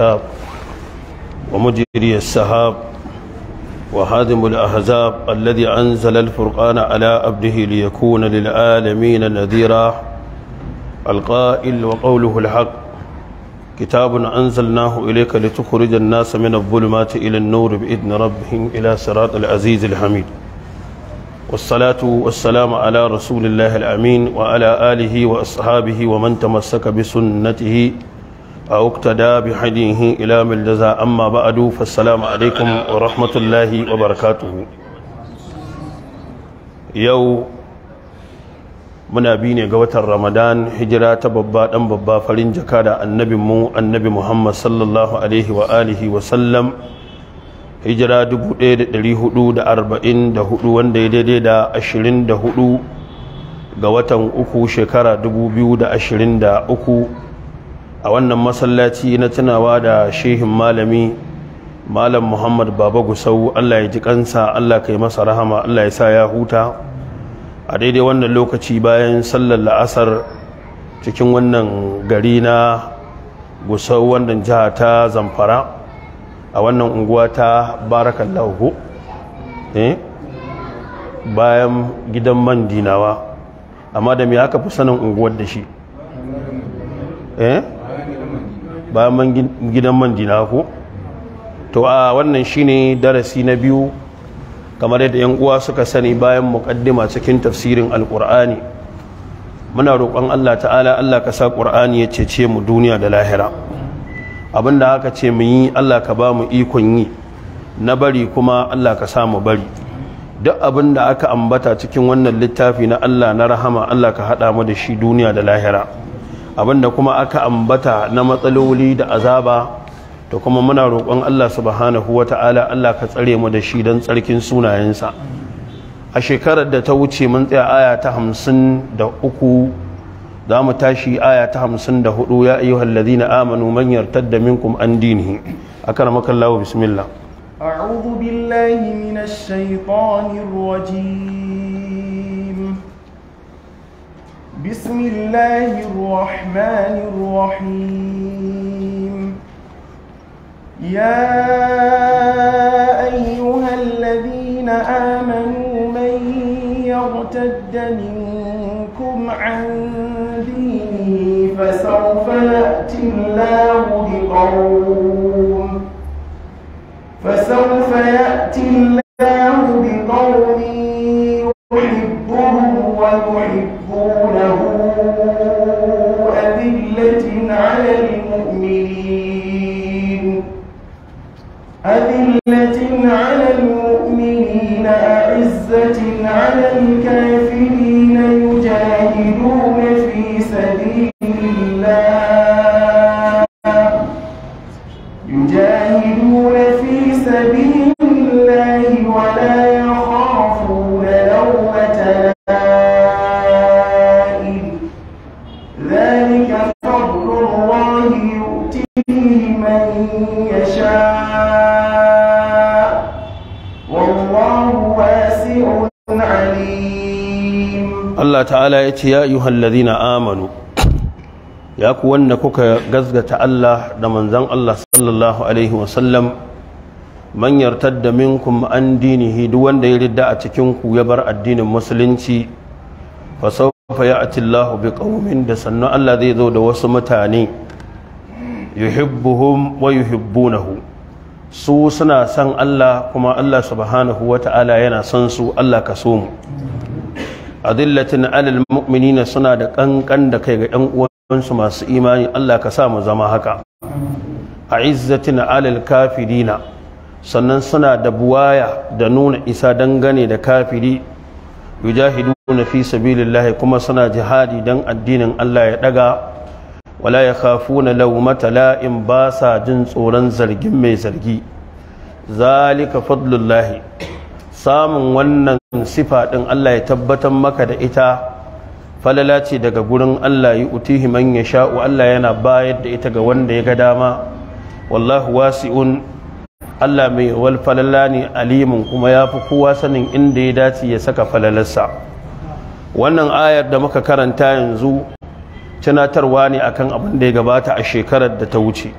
الكتاب ومجري السحاب وهادم الأحزاب الذي أنزل الفرقان على عبده ليكون للعالمين نذيرا القائل وقوله الحق كتاب أنزلناه إليك لتخرج الناس من الظلمات إلى النور بإذن ربهم إلى صراط العزيز الحميد والصلاة والسلام على رسول الله الأمين وعلى آله وأصحابه ومن تمسك بسنته أو اقتدى بحديه إلى من جزاء أما بعد فالسلام عليكم ورحمة الله وبركاته يو muna bi ne ga watan ramadan hijira ta babba dan babba farin jaka da annabin mu annabi muhammad sallallahu alaihi wa alihi wa sallam hijira 1444 wanda ya daidai da 24 ga watan uku shekara 2023 a wannan masallaci na tunawa da shehin malami malam muhammad baba gusau allah ya ji kansa allah kai masa rahama allah ya sa ya huta a daidai wannan lokaci bayan sallar la'asar cikin wannan gari na gusau wannan jiha ta zamfara a wannan unguwa ta Lahu, eh bayan gidan man dinawa amma da me aka fi sanin unguwar da shi eh bayan gidan man dina ko to a wannan shine darasi na biyu kamar yadda yan uwa suka sani bayan muqaddima cikin tafsirin alqur'ani muna roƙon Allah ta'ala Allah ka sa qur'ani ya cece mu duniya da lahira abinda aka ce mu yi Allah ka ba mu ikon yi na bari kuma Allah ka sa mu bari duk abinda aka ambata cikin wannan littafi na Allah na rahama Allah ka haɗa mu da shi duniya da lahira abinda kuma aka ambata na matsaloli da azaba da kuma muna roƙon Allah subhanahu wata'ala Allah ka tsare mu da shi don tsarkin sunayensa a shekarar da ta wuce mun tsaya aya ta hamsin da uku za mu tashi aya ta hamsin da hudu ya iya hallazi na amanu manyar tadda minkum an dinihi a kan makallawa bismillah أعوذ بالله من الشيطان الرجيم بسم الله الرحمن الرحيم يا أيها الذين آمنوا من يرتد منكم عن دينه فسوف يأتي الله بقوم فسوف يأتي الله بقوم يحبهم ويحبهم Allah ta'ala ya ce ya ayyuhal ladina amanu ya ku wanda kuka gazgata Allah da manzon Allah sallallahu alaihi wasallam man yartadda minkum an dinihi duk wanda ya ridda a cikin ku ya bar addinin musulunci fa sawfa ya'ti Allahu biqaumin da sannu Allah zai zo da wasu mutane yuhibbuhum wa yuhibbunahu su suna son Allah kuma Allah subhanahu wata'ala yana son su Allah ka so mu adillatin alal mu'minina suna da ƙanƙan da kai ga ɗan uwansu masu imani Allah ka sa mu zama haka a izzatin alal kafirina sannan suna da buwaya da nuna isa dangane da kafiri yujahiduna fi sabilillahi kuma suna jihadi dan addinin Allah ya daga wala yakhafuna lawmata la'in ba sa jin tsoron zargin mai zargi zalika fadlullahi samun wannan sifa ɗin Allah ya tabbatar maka da ita falala ce daga gurin Allah yi utihi man ya sha'u Allah yana bayar da ita ga wanda ya ga dama wallahu wasi'un Allah mai wal falala ne alimin kuma ya fi kowa sanin inda ya dace ya saka falalarsa wannan ayar da muka karanta yanzu tunatarwa ne akan abin da ya gabata a shekarar da ta wuce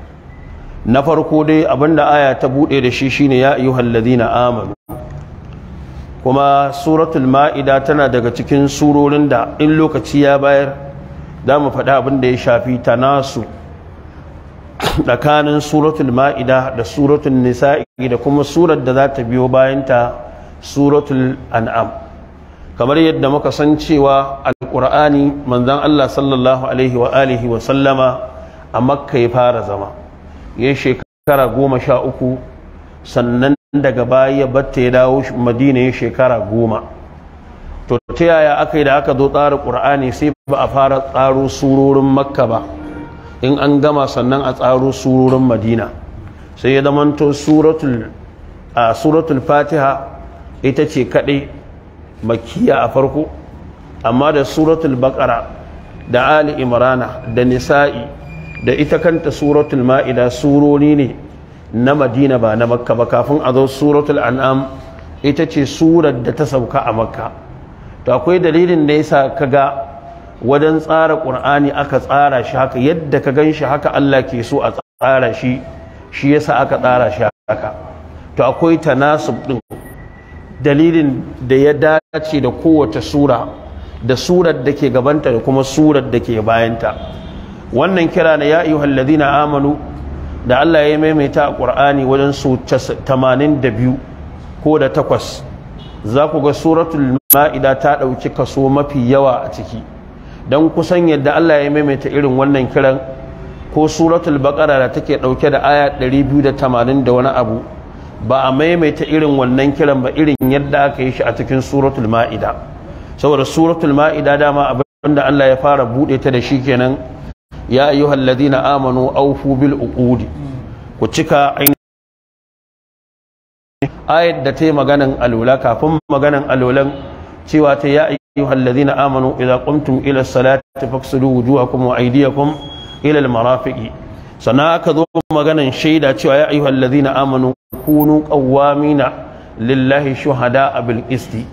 na farko dai abin da aya ta buɗe da shi shine ya ayyuhal ladina amanu kuma suratul ma'ida tana daga cikin surorin da in lokaci ya bayar za mu faɗi abin da ya shafi tanasu tsakanin suratul ma'ida da suratul nisa'i da kuma surar da za ta biyo ta suratul an'am kamar yadda muka san cewa alƙur'ani manzon Allah sallallahu alaihi wa alihi wa sallama a makka ya fara zama ya shekara goma sha uku sannan daga baya ya batta ya dawo madina ya shekara goma to ta yaya aka yi da aka zo tsara ƙur'ani sai ba a fara tsaro surorin makka ba in an gama sannan a tsaro surorin madina sai ya zamanto suratul suratul fatiha ita ce kaɗai makiya a farko amma da suratul bakara da ali imrana da nisa'i da ita kanta suratul ma'ida surori ne na madina ba na makka ba kafin a zo suratul an'am ita ce surar da ta sauka a makka to akwai dalilin da yasa ga wajen tsara qur'ani aka tsara shi haka yadda ka ganshi haka Allah ke so a tsara shi shi yasa aka tsara shi haka to akwai tanasub din dalilin da ya dace da kowace sura da surar da ke gabanta da kuma surar da ke bayanta wannan kira na ya ayyuhallazina amanu da Allah ya maimaita a kur'ani wajen su 82 ko da takwas za ku ga suratul ma'ida ta ɗauki kaso mafi yawa a ciki don kusan yadda Allah ya maimaita irin wannan kiran ko suratul bakara da take ɗauke da aya 280 da wani abu ba a maimaita irin wannan kiran ba irin yadda aka yi shi a cikin suratul ma'ida saboda suratul ma'ida dama abin da Allah ya fara buɗe ta da shi kenan ya ayyuhal ladina amanu awfu bil uqudi ku cika ayat da ta yi maganan alula kafin a alulan cewa ta ya ayyuhal ladina amanu idza qumtum ila salati faghsilu wujuhakum wa aydiyakum ila al marafiqi sannan aka zo maganan shaida cewa ya ayyuhal ladina amanu kunu qawwamina lillahi shuhada bil qisti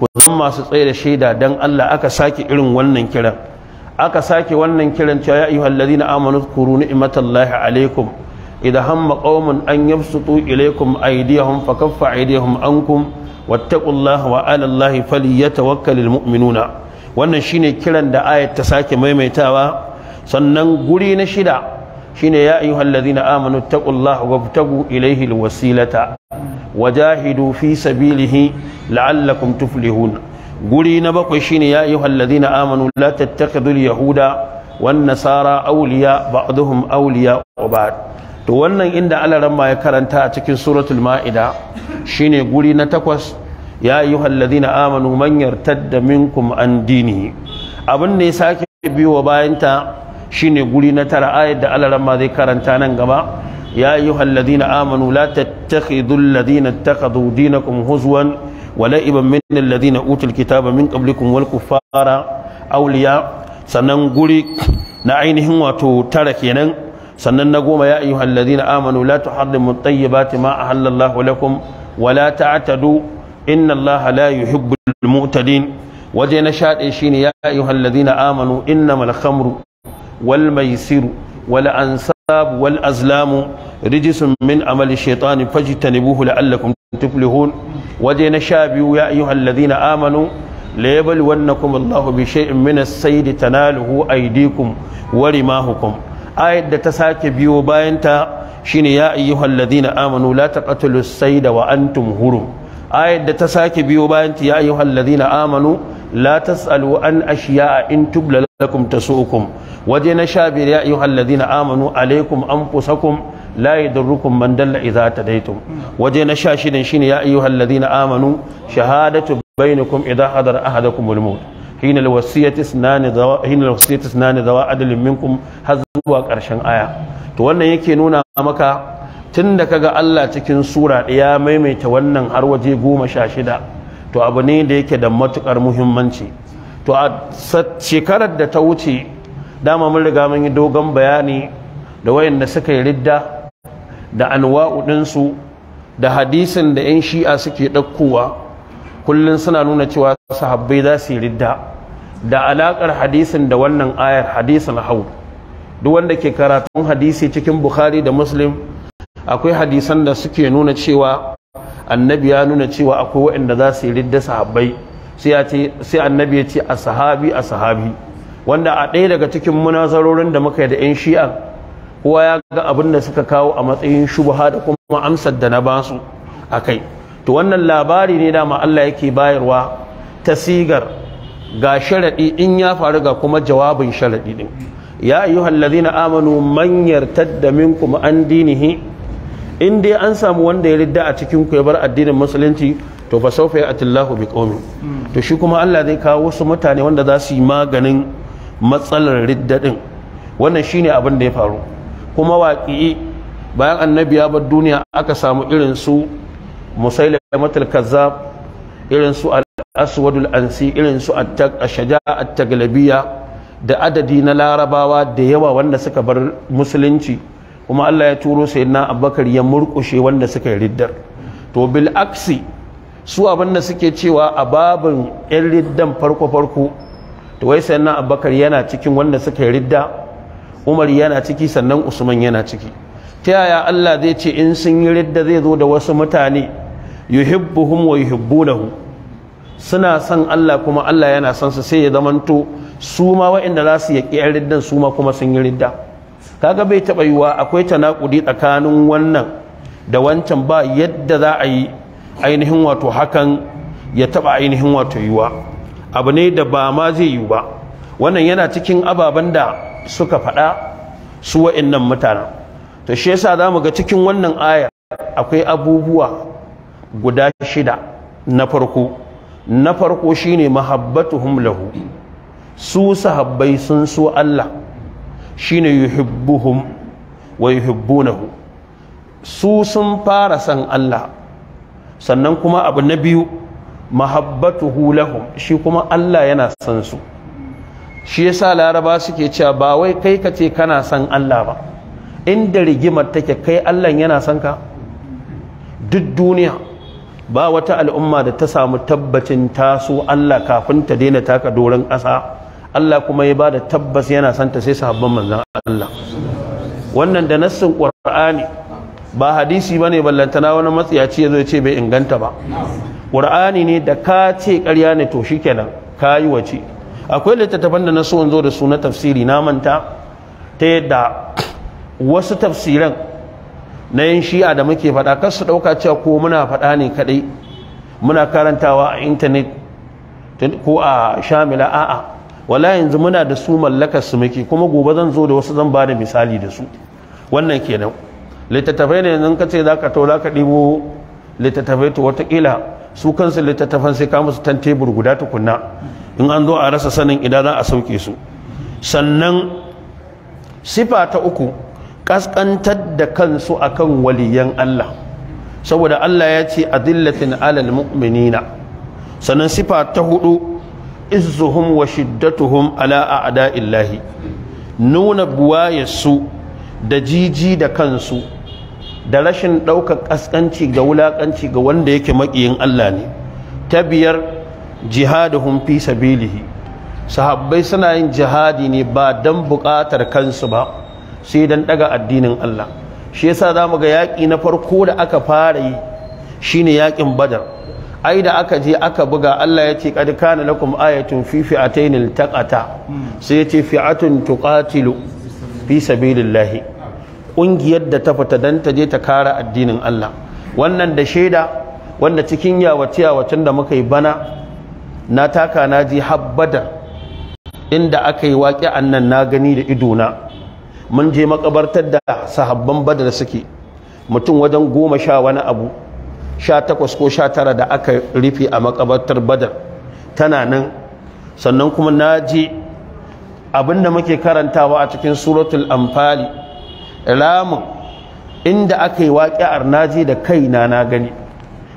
ku zama masu tsaye shaida dan Allah aka sake irin wannan kiran aka sake wannan kiran cewa ya ayyuhal ladina amanu zkuru ni'matallahi alaikum idan hamma qaumun an yabsutu ilaikum aydiyahum fakaffa aydiyahum ankum wattaqullaha wa 'ala allahi falyatawakkalul mu'minuna wannan shine kiran da ayat ta sake maimaitawa sannan guri na shida shine ya ayyuhal ladina amanu taqullaha wabtagu ilayhi alwasilata wajahidu fi sabilihi la'allakum tuflihun guri na bakwai shine ya ayyuhal ladina amanu la tattakhidul yahuda wan nasara awliya ba'dhum awliya ba'd to wannan inda alaran ma ya karanta a cikin suratul ma'ida shine guri na takwas ya ayyuhal ladina amanu man yartadda minkum an dini abin da ya sake biyo bayanta shine guri na tara ayat da alaran ma zai karanta nan gaba ya ladina amanu la tattakhidul ladina ittakhadhu dinakum huzwan wala'iban min alladhina utul kitaba min qablikum wal kuffara awliya sannan guri na ainihin wato tara kenan sannan na goma ya ayyuhal ladina amanu la tuharrimu tayyibati ma ahallallahu lakum wa la ta'tadu inna allaha la yuhibbul mu'tadin waje na shaɗe shine ya ayyuhal ladina amanu innamal khamru wal maisiru wal ansab wal azlamu rijisun min amali shaytani fajtanibuhu la'allakum tuflihun waje na sha biyu ya ayyuhal ladina amanu la yabluwannakum Allahu bi shay'in min as-sayd tanaluhu aydikum wa rimahukum ayat da ta sake biyo bayan ta shine ya ayyuhal ladina amanu la taqatulus sayda wa antum hurum ayat da ta sake biyo bayan ta ya ayyuhal ladina amanu la tasalu an a in tubla lakum tasu'ukum waje na sha biyu ya ayyuhal ladina amanu alaikum anfusakum layi la yadurrukum man dalla ta tadaytum waje na sha shine shine ya ayyuhal na amanu shahadatu bainakum idza hadara ahadakum al maut hina al wasiyati isnan dawa hina al wasiyati har zuwa karshen aya to wannan yake nuna maka tunda kaga Allah cikin sura ya maimaita wannan har waje goma sha shida to abu ne da yake da matukar muhimmanci to a shekarar da ta wuce dama mun riga mun yi dogon bayani da wayanda suka yi ridda da anwa'u ɗinsu da hadisin da 'yan shi'a suke ɗaukowa kullum suna nuna cewa sahabbai za su yi ridda da alaƙar hadisin da wannan ayar hadisin hau duk wanda ke karatun hadisi cikin bukhari da muslim akwai hadisan da suke nuna cewa annabi ya nuna cewa akwai waɗanda za su yi ridda sahabbai sai annabi ya ce a sahabi a sahabi wanda a ɗaya daga cikin munazarorin da muka yi da 'yan shi'a kowa ya ga abin da suka kawo a matsayin shubha da kuma amsar da na basu a kai. to wannan labari ne dama Allah yake bayarwa ta sigar ga sharaɗi in ya faru ga kuma jawabin sharaɗi din ya ayyuhal ladina amanu man taddamin minkum an dinihi in dai an samu wanda ya ridda a cikin ku addinin musulunci to fa sawfa ya'tillahu biqaumin to shi kuma Allah zai kawo wasu mutane wanda za su yi maganin matsalar ridda din wannan shine abin da ya faru kuma waƙi bayan annabi ya bar duniya aka samu irin su musailamatul kazzab irin su al-aswadul ansi irin su ash-shaja'a at taglabiya da adadi na larabawa da yawa wanda suka bar musulunci kuma Allah ya turo sayyidina Abubakar ya murkushe wanda suka riddar to bil aksi su abin da suke cewa a babin yan riddan farko farko to wai sayyidina Abubakar yana cikin wanda suka yi ridda umar yana ciki sannan usman yana ciki ta yaya Allah zai ce in sun yi ridda zai zo da wasu mutane yuhibbuhum wa yuhibbunahu suna son Allah kuma Allah yana son su sai ya zamanto su ma waɗanda za su yaƙi yan riddan su ma kuma sun yi ridda kaga bai taɓa yiwa akwai tanakudi tsakanin wannan da wancan ba yadda za a yi ainihin wato hakan ya taɓa ainihin wato yiwuwa abu ne da ba ma zai yiwu ba wannan yana cikin ababen da suka faɗa su wa'annan mutanen to shi yasa mu ga cikin wannan aya akwai abubuwa guda shida na farko na farko shine mahabbatuhum lahu su sahabbai sun so Allah shine yuhibbuhum wa yuhibbunahu su sun fara san Allah sannan kuma abu na biyu mahabbatuhu lahum shi kuma Allah yana san su shi ya sa laraba suke cewa ba wai kai ka ce kana san Allah ba inda rigimar take kai Allah yana san ka duk duniya ba wata al'umma da ta samu tabbacin taso Allah kafin ta daina taka doron ƙasa Allah kuma ya ba da tabbas yana son ta sai sahabban manzan Allah wannan da nassin Qur'ani ba hadisi ba ne ballantana wani matsiyaci yazo ya ce bai inganta ba Qur'ani ne da ka ce ƙarya ne to shikenan kayi wace akwai littattafan da na so in zo da su na tafsiri na manta ta yadda wasu tafsiran na yin shi'a da muke faɗa kar su ɗauka cewa ko muna faɗa ne kaɗai muna karantawa a intanet ko a shamila a'a wala yanzu muna da su mallakar su muke kuma gobe zan zo da wasu zan ba da misali da su wannan kenan littattafai ne yanzu ka ce za ka taula ka ɗibo littattafai to watakila su kansu littattafan sai ka musu tan tebur guda tukunna in an zo a rasa sanin idan za a sauke su sannan sifa ta uku kaskantar da kansu akan waliyan Allah saboda Allah ya ce adillatin alal mu'minina sannan sifa ta hudu izzuhum wa shiddatuhum ala a'da'illahi nuna buwayarsu da jiji da kansu da rashin ɗaukar ƙasƙanci ga wulaƙanci ga wanda yake maƙiyin Allah ne ta biyar jihaduhum fi sabilihi sahabbai suna yin jihadi ne ba dan buƙatar kansu ba sai don daga addinin Allah shi yasa zamu ga yaƙi na farko da aka fara yi shine yaƙin Badar ai da aka je aka buga Allah ya ce ƙadi kana lakum ayatun fi fi'atayn taƙata sai ya ce fi'atun tuqatilu fi sabilillahi ƙungiyar da ta fita don ta je ta kara addinin Allah wannan da shaida wanda cikin yawace yawacen da muka yi bana na taka na ji habbadar inda aka yi waƙi annan na gani da idona mun je makabartar da sahabban badar suke mutum wajen goma sha wani abu sha takwas ko sha tara da aka rufe a makabartar badar tana nan sannan kuma na je abinda muke karantawa a cikin suratul amfali ramun inda aka yi waƙi'ar na je da kaina na gani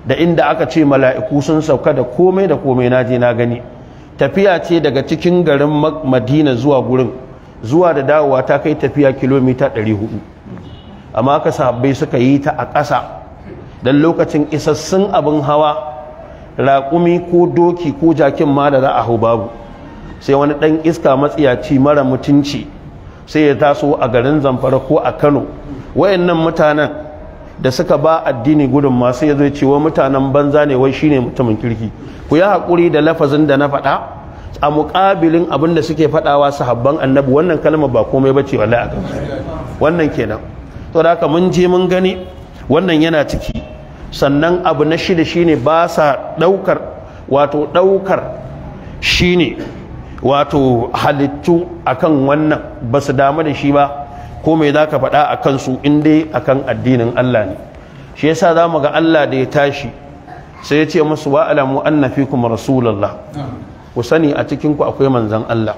da inda aka ce mala'iku sun sauka da komai da komai na je na gani tafiya ce daga cikin garin madina zuwa gurin zuwa da dawowa ta kai tafiya kilomita 400 amma aka sahabbai suka yi ta a ƙasa don lokacin isassun abin hawa raƙumi ko doki ko jakin ma da za a hau babu sai wani ɗan iska matsiyaci mara mutunci sai ya taso a garin zamfara ko a kano wayannan mutanen da suka ba addini gudun masu ya cewa mutanen banza ne wai shine mutumin kirki ku yi haƙuri da lafazin da na faɗa a muƙabilin abin da suke faɗawa habban annabi wannan kalma ba komai bace wallahi a wannan kenan to da haka mun je mun gani wannan yana ciki sannan abu na shida shine ba sa ɗaukar wato ɗaukar shine wato halittu akan wannan ba su damu da shi ba ko mai za ka faɗa a kansu in dai a kan addinin Allah ne shi yasa za mu ga Allah da ya tashi sai ya ce musu wa alamu anna mu rasulallah ku sani a cikin ku akwai manzan Allah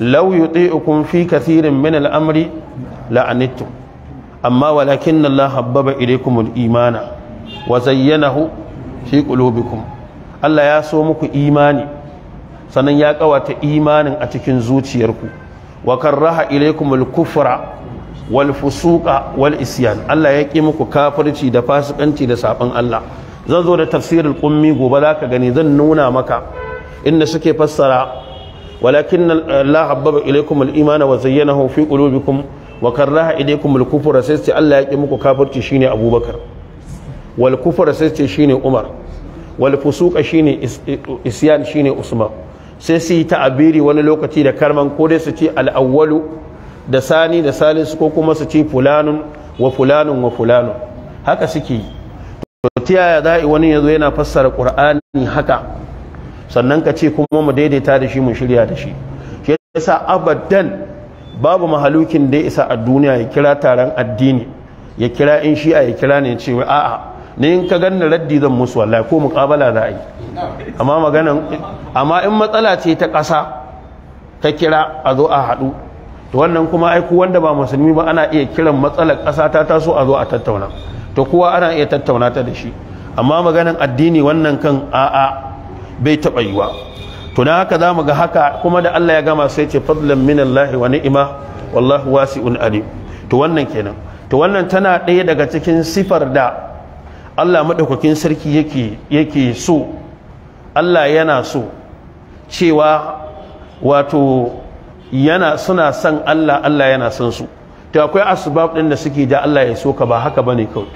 law yuti'ukum fi kathirin min al-amri la'anittum amma walakin Allah habbaba ilaykum al-imana wa zayyanahu fi qulubikum Allah ya so muku imani sannan ya kawata imanin a cikin zuciyarku wakarraha karraha ilaykum kufra wal fusuqa wal isyan Allah ya ki muku kafirci da fasikanci da sabon Allah zan zo da tafsirin qummi gobe zaka gani zan nuna maka inda suke fassara walakin Allah habbaba ilaykum al-imana wa zayyanahu fi qulubikum wa karraha ilaykum al-kufra sai ce Allah ya ki muku shine Abubakar wal kufra sai ce shine Umar wal fusuqa shine isyan shine Usman sai su yi ta'abiri wani lokaci da karman ko dai su ce al'awwalu da sani da salisu ko kuma su ce fulanun wa fulanun wa fulanun haka suke yi ta yaya za wani ya zo yana fassara ƙur'ani haka sannan ka ce kuma mu daidaita da shi mu shirya da shi shi yasa abadan babu mahalukin da ya isa a duniya ya kira taron addini ya kira in shi'a ya kira ne cewa a'a ne in ka ganin raddi zan musu wallahi ko muƙabala za a yi amma maganan amma in matsala ce ta ƙasa ta kira a zo a haɗu to wannan kuma ai wanda ba musulmi ba ana iya kiran matsalar ƙasa ta taso a zo a tattauna to kowa ana iya tattauna ta da shi amma maganan addini wannan kan a'a bai taɓa yiwa to na haka za mu ga haka kuma da Allah ya gama sai ce fadlan minallahi wa ni'ima wallahu wasi'un alim to wannan kenan to wannan tana ɗaya daga cikin sifar da Allah maɗaukakin sarki yake so Allah yana so cewa wato yana suna son Allah Allah yana son su ta akwai asbab ɗin da suke da Allah ya so ka ba haka bane kawai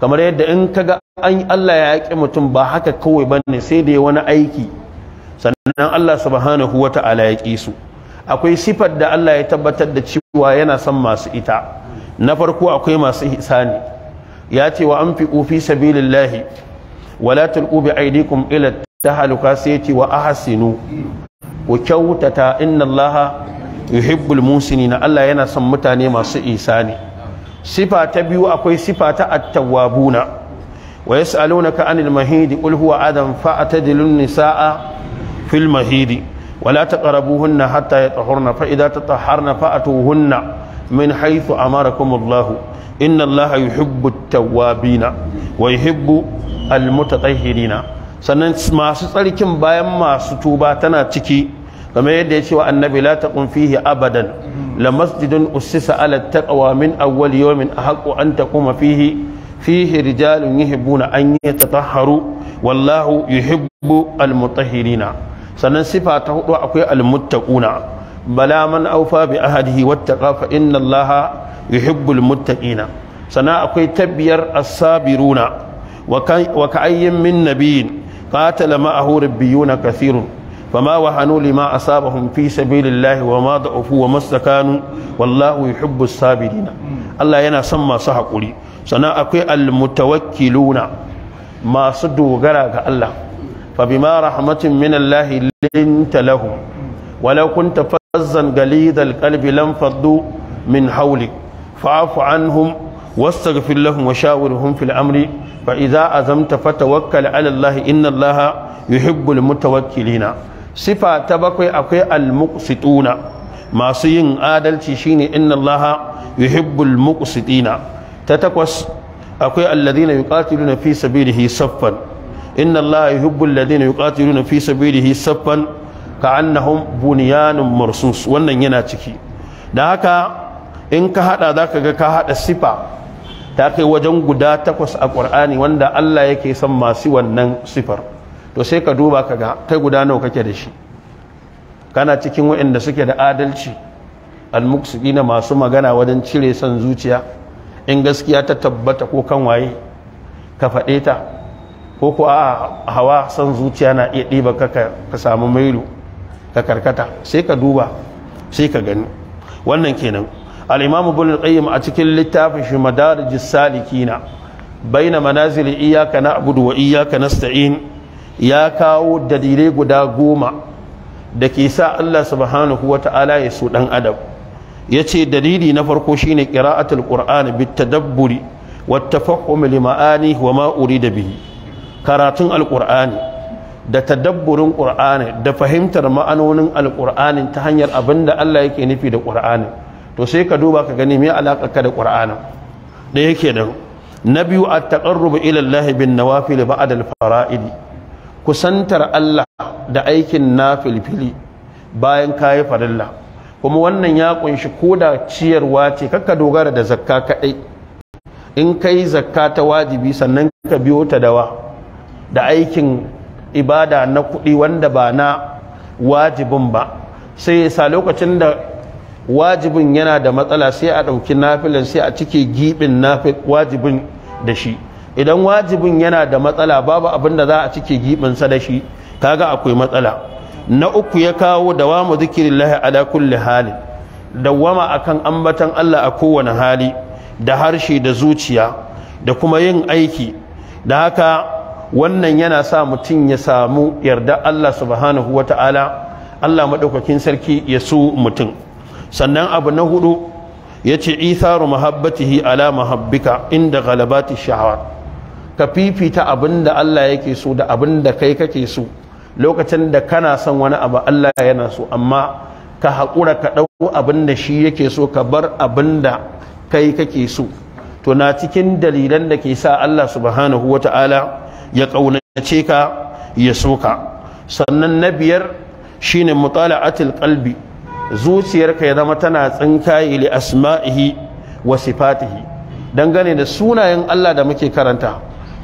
kamar yadda in kaga an Allah ya yaƙi mutum ba haka kawai bane sai da wani aiki sannan Allah subhanahu ala ya ƙi su akwai sifar da Allah ya tabbatar da cewa yana son masu ita na farko akwai masu ihsani ya ce wa anfiqu fi sabilillahi wala tulqu bi aydikum ila tahaluka sai ya ce wa ahsinu ku kyautata inna allaha yuhibbul musinina Allah yana son mutane masu isani sifa ta biyu akwai sifa ta attawabuna. tawwabuna wa yas'alunaka anil mahidi qul huwa adam fa'tadilun nisaa fil mahidi ولا تقربوهن حتى يطهرن فإذا تطهرن فأتوهن min haythu amarakumullahu inna allaha yuhibbu at-tawwabina wa yuhibbu sannan masu tsarkin bayan masu tuba tana ciki kamar yadda ya ce wa annabi la taqum fihi abadan la masjidun ussisa ala taqwa min awwal yawmin ahqqu an taquma fihi fihi rijalun yuhibbuna an yatatahharu wallahu yuhibbu al-mutahhirina sannan sifa ta hudu akwai al-muttaquna bala man aufa bi ahadihi wattaqa fa inna allaha yuhibbul muttaqina sana akwai tabbiyar as-sabiruna wa ka'ayyin min nabiyyin qatala ma'ahu rabbiyuna kathirun فما وهنوا لما أصابهم في سبيل الله وما ضعفوا وما استكانوا والله يحب الصابرين الله yana son masu haƙuri sannan akwai almutawakkiluna masu dogara ga Allah fa bima rahmatin min Allah linta lahum walau azan galid alƙalbi lan faddu min hauli fa'afu anhum wastaghfir lahum ba shawirhum fil amri fa idza azamta fatawakkal ala allah inna allah yuhibbul mutawakkilina sifa ta bakwai akwai al muqsituna masu yin adalci shine inna allah yuhibbul muqsitina ta takwas akwai alladhina yuqatiluna fi sabilihi saffan inna allah yuhibbul ladina yuqatiluna fi sabilihi saffan ka'annahum buniyanun mursus wannan yana ciki da haka in ka hada zaka ga ka hada sifa ta kai wajen guda takwas a Qur'ani wanda Allah yake son masu wannan sifar to sai ka duba ka ga kai guda nawa kake da shi kana cikin waɗanda suke da adalci almuksiki na masu magana wajen cire son zuciya in gaskiya ta tabbata ko kan waye ka faɗe ta ko ko a hawa son zuciya na iya ɗiba ka ka samu mailu ka karkata sai ka duba sai ka gani wannan kenan al'imamu bulin ibn a cikin littafin shi madarijus salikina iyaka na na abudu wa na nasta'in ya kawo dalilai guda goma da ke sa Allah subhanahu ta'ala ya so dan adam ya ce dalili na farko shine ƙira'atul qur'ani bitadabburi dabburi wata li ma'ani wa ma'uri da bihi karatun al'kur'ani. da tadabburin ƙur'ani da fahimtar ma'anonin alƙur'ani ta hanyar abinda Allah yake nufi da ƙur'ani to sai ka duba ka gani me alaƙa ka da ƙur'ani da yake da na biyu a taqarrubu ila Allah bin nawafil ba'd al fara'id kusantar Allah da aikin na nafilfili bayan kayi farilla kuma wannan ya kunshi koda ciyarwa ce kakka dogara da zakka kadai in kai zakka ta wajibi sannan ka biyo ta dawa da aikin ibada na kuɗi wanda ba na wajibin ba sai sa lokacin da wajibin yana da matsala sai a ɗauki nafilan sai a cike giɓin wajibin da shi idan wajibin yana da matsala babu abin da za a cike giɓinsa da shi kaga akwai matsala na uku ya kawo dawamu zikirillahi ala kulli da dawama akan ambatan Allah a kowane hali da harshe da zuciya da kuma yin aiki da haka wannan yana sa mutum ya samu yarda Allah subhanahu Ta'ala, Allah maɗaukakin sarki ya su mutum sannan abu na hudu ya yace itharu mahabbatihi ala mahabbika inda galabati shahawat ka fifita abin da Allah yake so da abin da kai kake so lokacin da kana son wani abu Allah yana so amma ka haƙura ka ɗau abin da shi yake so ka bar abin da kai kake so to na cikin dalilan da ke sa Allah subhanahu wa ta'ala ya ƙaunace ka ya soka sannan na biyar shine mutala'atul ƙalbi zuciyarka ya zama tana tsinkaye li asma'ihi wa sifatihi dangane da sunayen Allah da muke karanta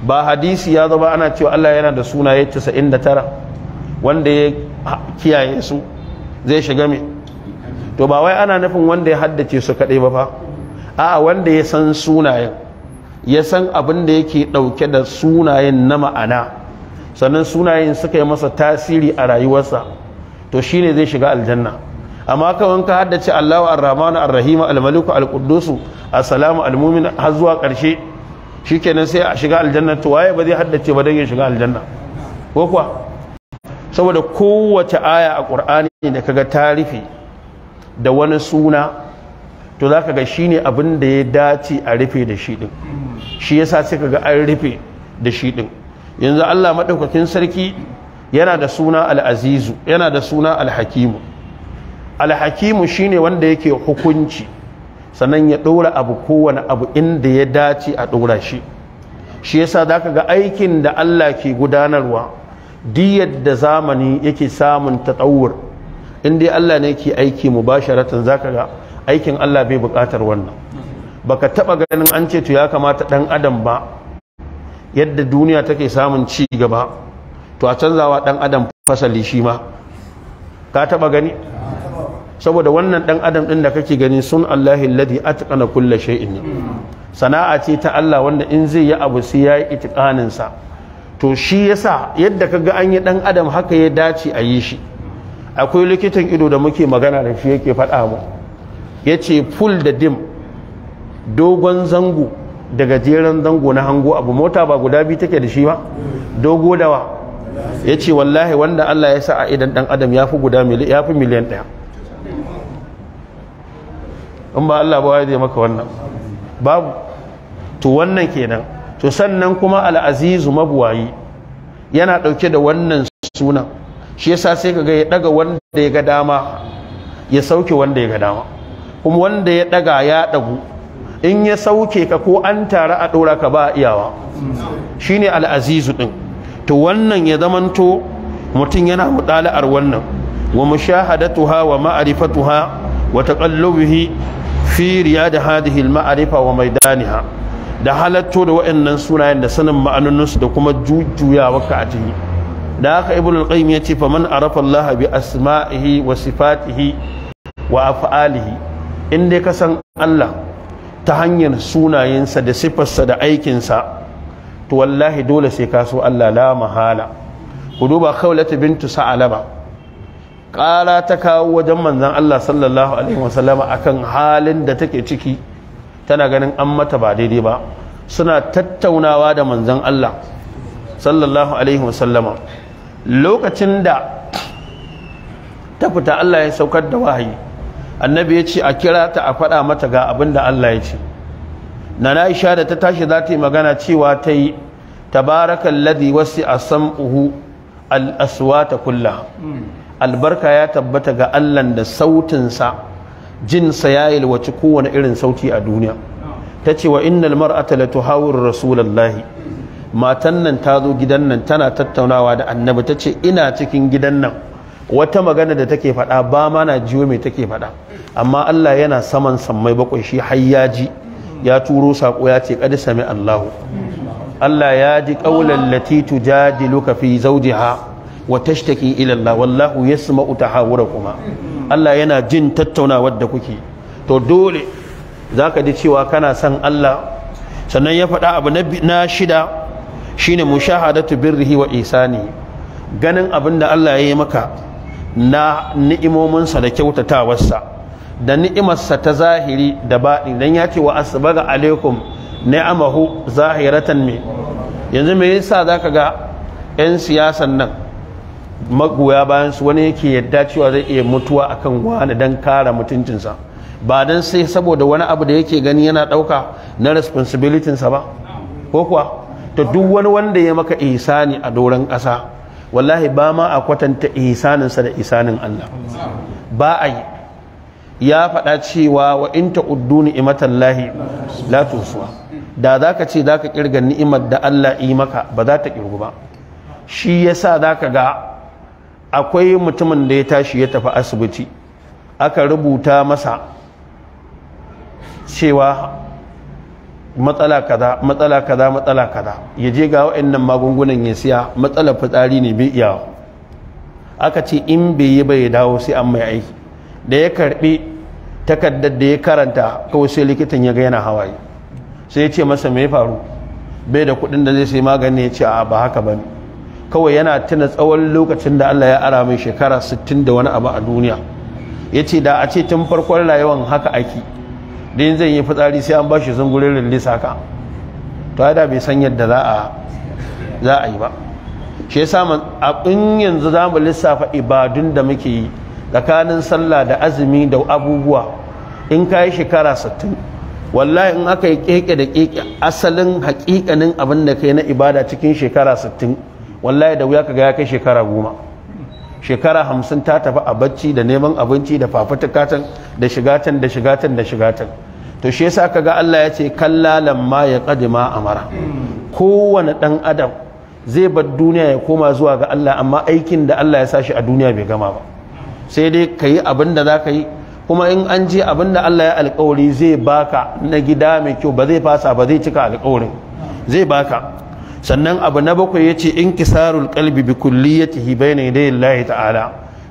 ba hadisi ya zama ana cewa Allah yana da sunaye 99 wanda ya kiyaye su zai shiga mai to ba wai ana nufin wanda ya haddace su kaɗai ba fa a'a wanda ya san sunayen ya san abin da yake ɗauke da sunayen na ma'ana sannan sunayen suka yi masa tasiri a rayuwarsa to shi ne zai shiga aljanna amma kawai ka haddace Allahu ar-Rahman ar-Rahim Almaliku malik al-Quddus assalamu har zuwa ƙarshe shikenan sai a shiga aljanna to waye ba zai haddace ba don ya shiga aljanna ko kuwa saboda kowace aya a ƙur'ani ne da kaga rufe da wani suna to za ka ga shine abin da ya dace a rufe da shi din shi yasa sai kaga an rufe da shi din yanzu Allah madaukakin sarki yana da suna al yana da suna al-hakimu al-hakimu shine wanda yake hukunci sannan ya dora abu kowane abu inda ya dace a dora shi shi yasa zaka ga aikin da Allah ke gudanarwa diyar da zamani yake samun tatawur in dai Allah ne ke aiki mubasharatan zaka ga aikin Allah bai buƙatar wannan Ba ka taɓa ganin an ce to ya kamata ɗan adam ba yadda duniya take samun ci gaba to a canzawa dan adam fasali shi ma ka taba gani saboda wannan ɗan adam ɗin da kake gani sun Allahi alladhi atqana kulla shay'in sana'a ce ta Allah wanda in zai yi abu sai yayi yi sa to shi yasa yadda kaga an yi ɗan adam haka ya dace a yi shi akwai likitan ido da muke magana da shi yake faɗa mu yace full da dim dogon zango da gajeren zango na hango abu mota ba guda biyu take da shi ba dogo dawa ya ce wallahi wanda Allah ya sa a idan dan adam ya fi guda ya fi miliyan ɗaya in ba Allah ba zai maka wannan babu to wannan kenan to sannan kuma al'azizu mabuwayi yana ɗauke da wannan sunan shi yasa sai ka ga ya ɗaga wanda ya ga dama ya sauke wanda ya ga dama kuma wanda ya ɗaga ya ɗagu in ya sauke ka ko an tare a ɗora ka ba iyawa shine al'azizu ɗin to wannan ya zamanto mutum yana muɗala'ar wannan wa mushahadatuha wa ma'rifatuha wa taqallubihi fi riyad hadhihi al-ma'rifa wa maidaniha da halatto da wa'annan sunayen da sanin ma'anoninsu da kuma jujjuyawa ka a ciki da haka ibn al-qayyim yace man arafa Allah bi asma'ihi wa sifatihi wa af'alihi in dai ka san Allah ta hanyar sunayensa da sifarsa da aikinsa to wallahi dole sai kaso Allah la mahala ku duba kaulatu bintu sa'alaba ƙara ta kawo wajen manzon Allah sallallahu alaihi wasallama akan halin da take ciki tana ganin an mata ba daidai ba suna tattaunawa da manzon Allah sallallahu alaihi wasallama lokacin da ta fita Allah ya saukar da wahayi annabi ya ce a kira ta a faɗa mata ga abin da Allah ya ce nana isha da ta tashi za ta yi magana cewa ta yi tabarakan ladi wasu a sam'uhu ta kulla albarka ya tabbata ga Allah da sautinsa jinsa ya yalwaci kowane irin sauti a duniya ta ce wa innal mar'ata la tuhawir rasulullahi matan nan ta zo gidan nan tana tattaunawa da annabi ta ce ina cikin gidan nan wata magana da take faɗa ba ma na jiwo mai take faɗa amma Allah yana saman sammai bakwai shi har ya turo sako ya ce kad sami Allahu Allah ya ji qaulan lati tujadiluka fi zawjiha wa tashtaki ila Allah wallahu yasma'u tahawurakuma Allah yana jin tattaunawar da kuke to dole zaka ji cewa kana san Allah sannan ya faɗa abu na shida shine mushahadatu birrihi wa ihsani ganin abin da Allah ya yi maka na ni'imominsa da kyautatawarsa da ni'imarsa ta zahiri da baɗi dan ya ce wa asbaga alaikum ni'amahu zahiratan me yanzu me yasa zaka ga 'yan siyasan nan magoya bayan su wani yake yadda cewa zai iya mutuwa akan wani dan kara mutuncinsa ba dan sai saboda wani abu da yake gani yana ɗauka na responsibilitinsa ba ko kuwa to duk wani wanda ya maka ihsani a doron kasa wallahi ba ma a kwatanta ihsaninsa da isanin Allah ba a yi ya faɗa cewa wa in ta'uddu lahi la da zaka ce zaka kirga ni'imar da Allah yi maka ba za ta kirgu ba shi ya yasa zaka ga akwai mutumin da ya tashi ya tafi asibiti aka rubuta masa cewa matsala kaza matsala kaza matsala kaza ya je ga wa'annan magungunan ya siya matsalar fitsari ne bai iya aka ce in bai yi bai dawo sai an mai aiki da ya karbi takardar da ya karanta kawai sai likitan ya ga yana hawaye sai ya ce masa me faru bai da kuɗin da zai sai magani ya ce a ba haka bane kawai yana tuna tsawon lokacin da Allah ya ara mai shekara 60 da wani abu a duniya yace da a ce tun farkon rayuwar haka ake da zai yi fitsari sai an ba shi zungurin rilisa ka to ya bai san yadda za a yi ba shi ya samun abin yanzu za mu lissafa ibadun da muke yi tsakanin sallah da azumi da abubuwa in ka yi shekara sittin wallahi in aka yi keke da keke asalin hakikanin abin da kai na ibada cikin shekara sittin wallahi da wuya ka ga ya kai shekara goma shekara hamsin ta tafi a bacci da neman abinci da fafutukatan da shigatan da shigatan da shigatan to shi yasa ga Allah ya ce kallalan ma ya qadima amara kowane dan adam zai bar duniya ya koma zuwa ga Allah amma aikin da Allah ya sa shi a duniya bai gama ba sai dai kayi abin da zaka yi kuma in an je abin da Allah ya alƙawari zai baka na gida mai kyau ba zai fasa ba zai cika alƙawarin zai baka sannan abu na bakwai yace inkisarul kalbi bi kulliyatihi bayna idayen Allah ta'ala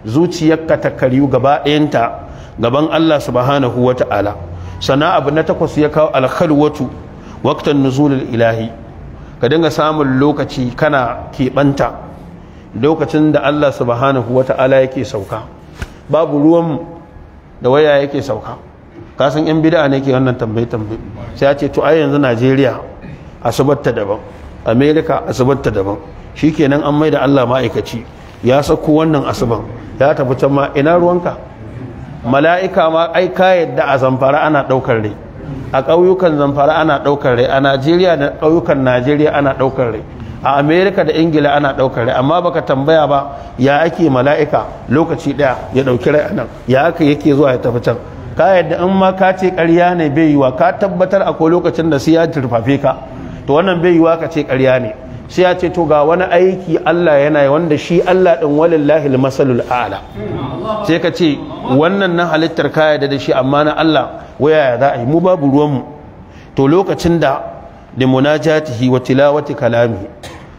zuciyarka ta kariyu gaba ɗayanta gaban Allah subhanahu wa ta'ala sannan abu na takwas ya kawo alkhalwatu waktan nuzulul ilahi ka dinga samun lokaci kana keɓanta lokacin da Allah subhanahu wa ta'ala yake sauka babu ruwan da waya yake sauka kasan yan bid'a ne ke wannan tambaye tambaye sai ya ce to ai yanzu Najeriya asubar ta daban america asibarta daban shikenan an mai da allah ma'aikaci ya sauko wannan asiban ya tafi can ma ina ruwanka mala'ika ma ai ka yadda a zamfara ana ɗaukar rai a ƙauyukan zamfara ana ɗaukar rai a najeriya da ƙauyukan najeriya ana ɗaukar rai a amerika da ingila ana ɗaukar rai amma baka tambaya ba ya ake mala'ika lokaci daya ya dauki rai anan ya aka yake zuwa ya tafi can ka yadda in ma ka ce ƙarya ne bai yiwa ka tabbatar akwai lokacin da sai ya turfafe ka to wannan bai yiwa ka ce ƙarya ne sai ya ce to ga wani aiki Allah yana yi wanda shi Allah ɗin walillahi masalul a'la sai ka ce wannan na halittar kaya da shi amma na Allah waya ya za a yi mu babu ruwan mu to lokacin da da munajatihi wa tilawati kalami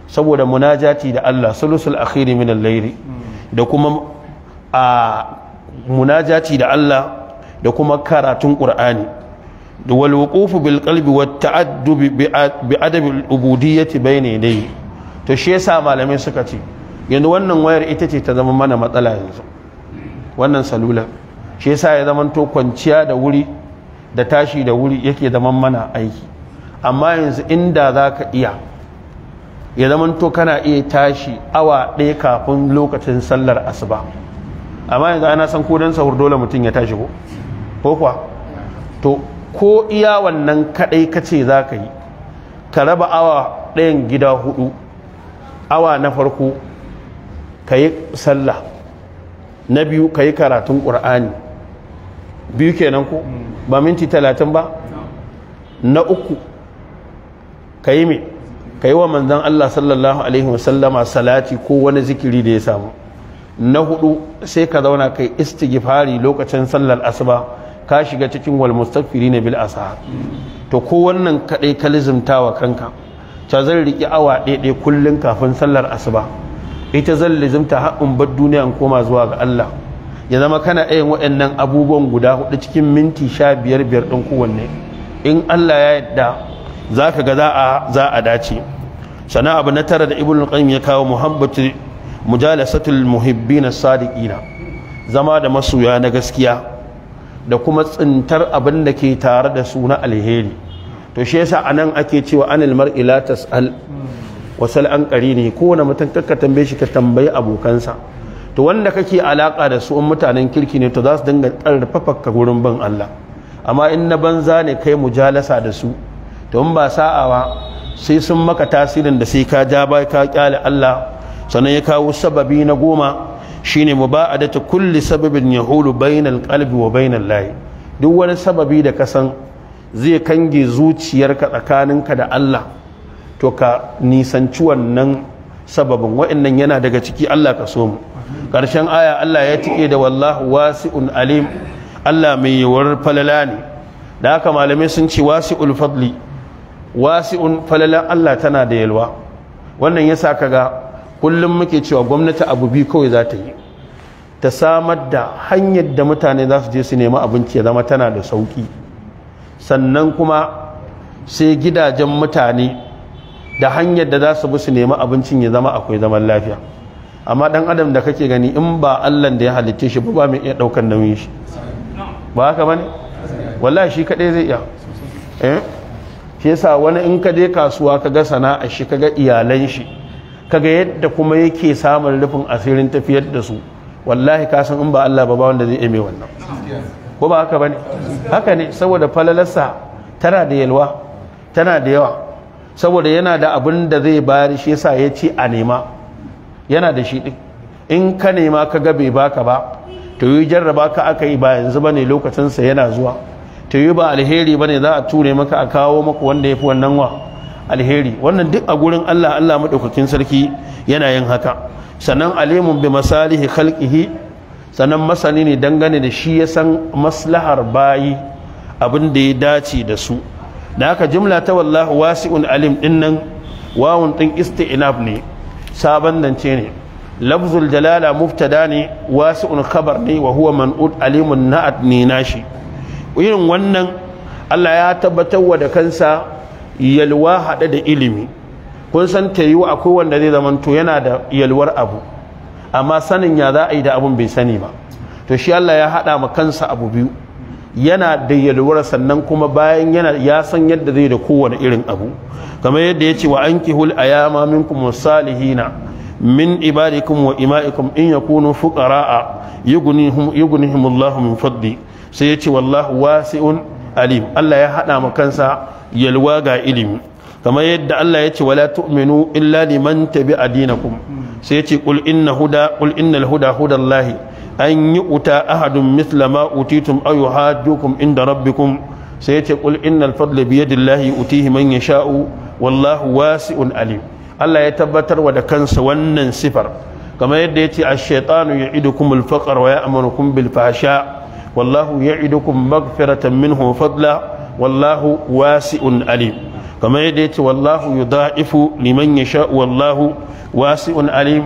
saboda munajati da Allah sulusul akhiri min al da kuma a munajati da Allah da kuma karatun Qur'ani wal wa bil qalbi wat ta'addubi bi adabi al ubudiyyati ne yadayhi to shi yasa malamai suka ce yanzu wannan wayar ita ce ta zama mana matsala yanzu wannan salula shi yasa ya zama to kwanciya da wuri da tashi da wuri yake zaman mana aiki amma yanzu inda za ka iya ya zaman to kana iya tashi awa ɗaya kafin lokacin sallar asuba amma yanzu ana san ko don dole mutum ya tashi ko to ko iya wannan kaɗai kace za ka yi ka raba awa ɗayan gida hudu awa na farko ka yi sallah na biyu ka yi karatun ƙur'ani biyu kenan ku ba minti talatin ba na uku ka yi mai ka yi wa manzan Allah sallallahu alaihi wasallama salati ko wani zikiri da ya samu na hudu sai ka zauna kai istighfari lokacin sallar asuba ka shiga cikin wal ne bil asahar to ko wannan kadai ka wa kanka ta zan riki awa ɗaya kullum kafin sallar asuba ita zan lizimta har in bar duniya in koma zuwa ga Allah ya zama kana ɗayan waɗannan abubuwan guda hudu cikin minti sha biyar biyar ɗin kowanne in Allah ya yadda za ka ga za a dace sana abu na tara da ibulun qayyim ya kawo muhabbatu mujalasatul muhibbina as-sadiqina zama da masoya na gaskiya da kuma tsintar abin da ke tare da suna alheri to shi yasa anan ake cewa anil mar'i la tas'al wasal an qarini kowane mutum kakka tambaye shi ka tambayi abokansa to wanda kake alaka da su mutanen kirki ne to za su dinga karfafa ka gurin bin Allah amma in na banza ne kai mujalasa da su to in ba sa'awa sai sun maka tasirin da sai ka ja bai ka kyale Allah sannan ya kawo sababi na goma Shi shine muba'adatu kulle sababin yahulu bainal kalbi wa bainal lahi duk wani sababi da ka san zai kange zuciyarka tsakaninka da Allah to ka nisanci wannan sababin wa'annan yana daga ciki Allah ka so mu karshen aya Allah ya tike da wallahu wasi'un alim Allah mai yawar falala ne da haka malamai sun ce wasi'ul fadli wasi'un falala Allah tana da yalwa wannan yasa ga. kullum muke cewa gwamnati abu bi kawai za ta yi ta samar da hanyar da mutane za su je su nemi abinci ya zama tana da sauƙi sannan kuma sai gidajen mutane da hanyar da za su bi su nemi abincin ya zama akwai zaman lafiya amma dan adam da kake gani in ba Allah da ya halitte shi ba mai iya daukar nauyin shi ba haka ne wallahi shi kadai zai iya eh shi yasa wani in ka je kasuwa ka ga sana'a shi ka ga iyalan shi kaga yadda kuma yake samun rufin asirin tafiyar da su wallahi ka san in ba Allah ba ba wanda zai ime wannan ko ba haka bane haka ne saboda falalarsa tana da yalwa tana da yawa saboda yana da abin da zai bayar shi yasa ya ce a nema yana da shi din in ka nema ka ga bai baka ba to yi jarraba ka aka yi ba yanzu bane lokacin sa yana zuwa to yi ba alheri bane za a ture maka a kawo maka wanda ya fi wannan wa alheri wannan duk a gurin Allah Allah madaukakin sarki yana yin haka sannan alimun bi masalihi khalqihi sannan masani ne dangane da shi ya san maslahar bayi abin da ya dace da su da haka jimla ta wallahi wasi'un alim din nan wawun din isti'nab ne sabon dance ne lafzul jalala muftada ne wasi'un khabar ne wa huwa man'ud alimun na'at ne nashi irin wannan Allah ya tabbatar wa da kansa yalwa haɗe da ilimi kun san ta akwai wanda zai zama to yana da yalwar abu amma sanin ya za a yi da abun bai sani ba to shi Allah ya haɗa ma kansa abu biyu yana da yalwar sannan kuma bayan yana ya san yadda zai da kowane irin abu kamar yadda ya ce wa ankihul ayama minkum wasalihina min ibadikum wa ima'ikum in kunu fuqara'a a yughnihim Allahu min fadli sai ya ce wallahu wasi'un alim Allah ya haɗa ma kansa yalwa ga ilimi kamar yadda Allah ya ce wala tu'minu illa liman tabi'a dinakum sai ya ce qul inna huda qul innal huda hudallahi an yu'ta ahadun mithla ma utitum aw yuhaddukum inda rabbikum sai ya ce qul innal fadla bi yadillahi utihi man yasha'u wallahu wasi'un alim Allah ya tabbatar wa da kansa wannan sifar kamar yadda ya ce ash-shaytanu ya'idukum al wa ya'murukum bil fahsha wallahu ya'idukum maghfiratan minhu wa fadla wallahu wasi'un alim kamar yadda yace wallahu yudha'ifu liman yasha wallahu wasi'un alim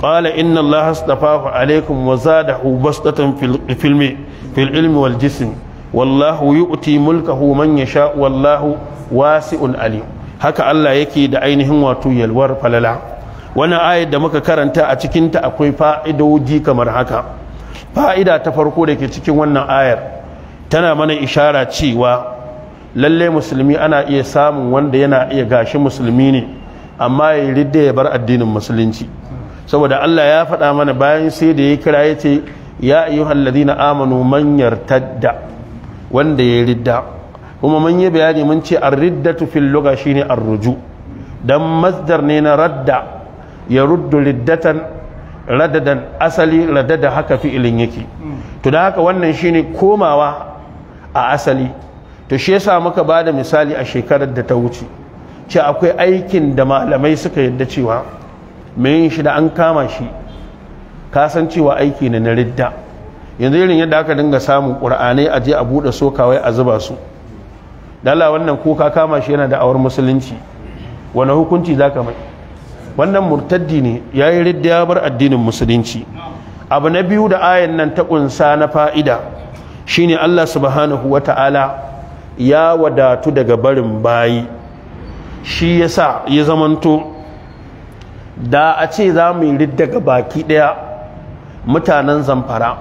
قال إن الله اصطفاه عليكم وزاده بسطة في العلم في العلم والجسم والله يؤتي ملكه من يشاء والله واسع عليم هكا الله يكي دا ainihin wato yalwar falala wani ayar da muka karanta a cikinta akwai fa'idodi kamar haka fa'ida ta farko da ke cikin wannan ayar tana mana ishara cewa lalle musulmi ana iya samun wanda yana iya gashi musulmi ne amma ya ridda ya bar addinin musulunci saboda Allah ya faɗa mana bayan sai da ya kira ya ce ya ayyuhal na amanu man yartadda wanda ya ridda kuma mun yi bayani mun ce ar-riddatu fil lugha shine ar-ruju dan masdar ne na radda ya ruddu riddatan radadan asali radada haka fi'ilin yake to haka wannan shine komawa a asali to shi yasa muka ba da misali a shekarar da ta wuce ce akwai aikin da malamai suka yadda cewa mai yin shi da an kama shi cewa aiki ne na ridda yanzu irin yadda aka dinga samun ƙur'anai a je a buɗe sokawai a zuba su dala wannan ko kama shi yana da awar musulunci wani hukunci za ka mai wannan murtaddi ne ya yi ridda ya bar addinin musulunci abu na biyu da ayan nan ta ƙunsa na fa'ida shine allah subhanahu wa ta'ala ya wadatu daga barin bayi shi ya sa ya zamanto da a ce za mu yi daga baki daya mutanen zamfara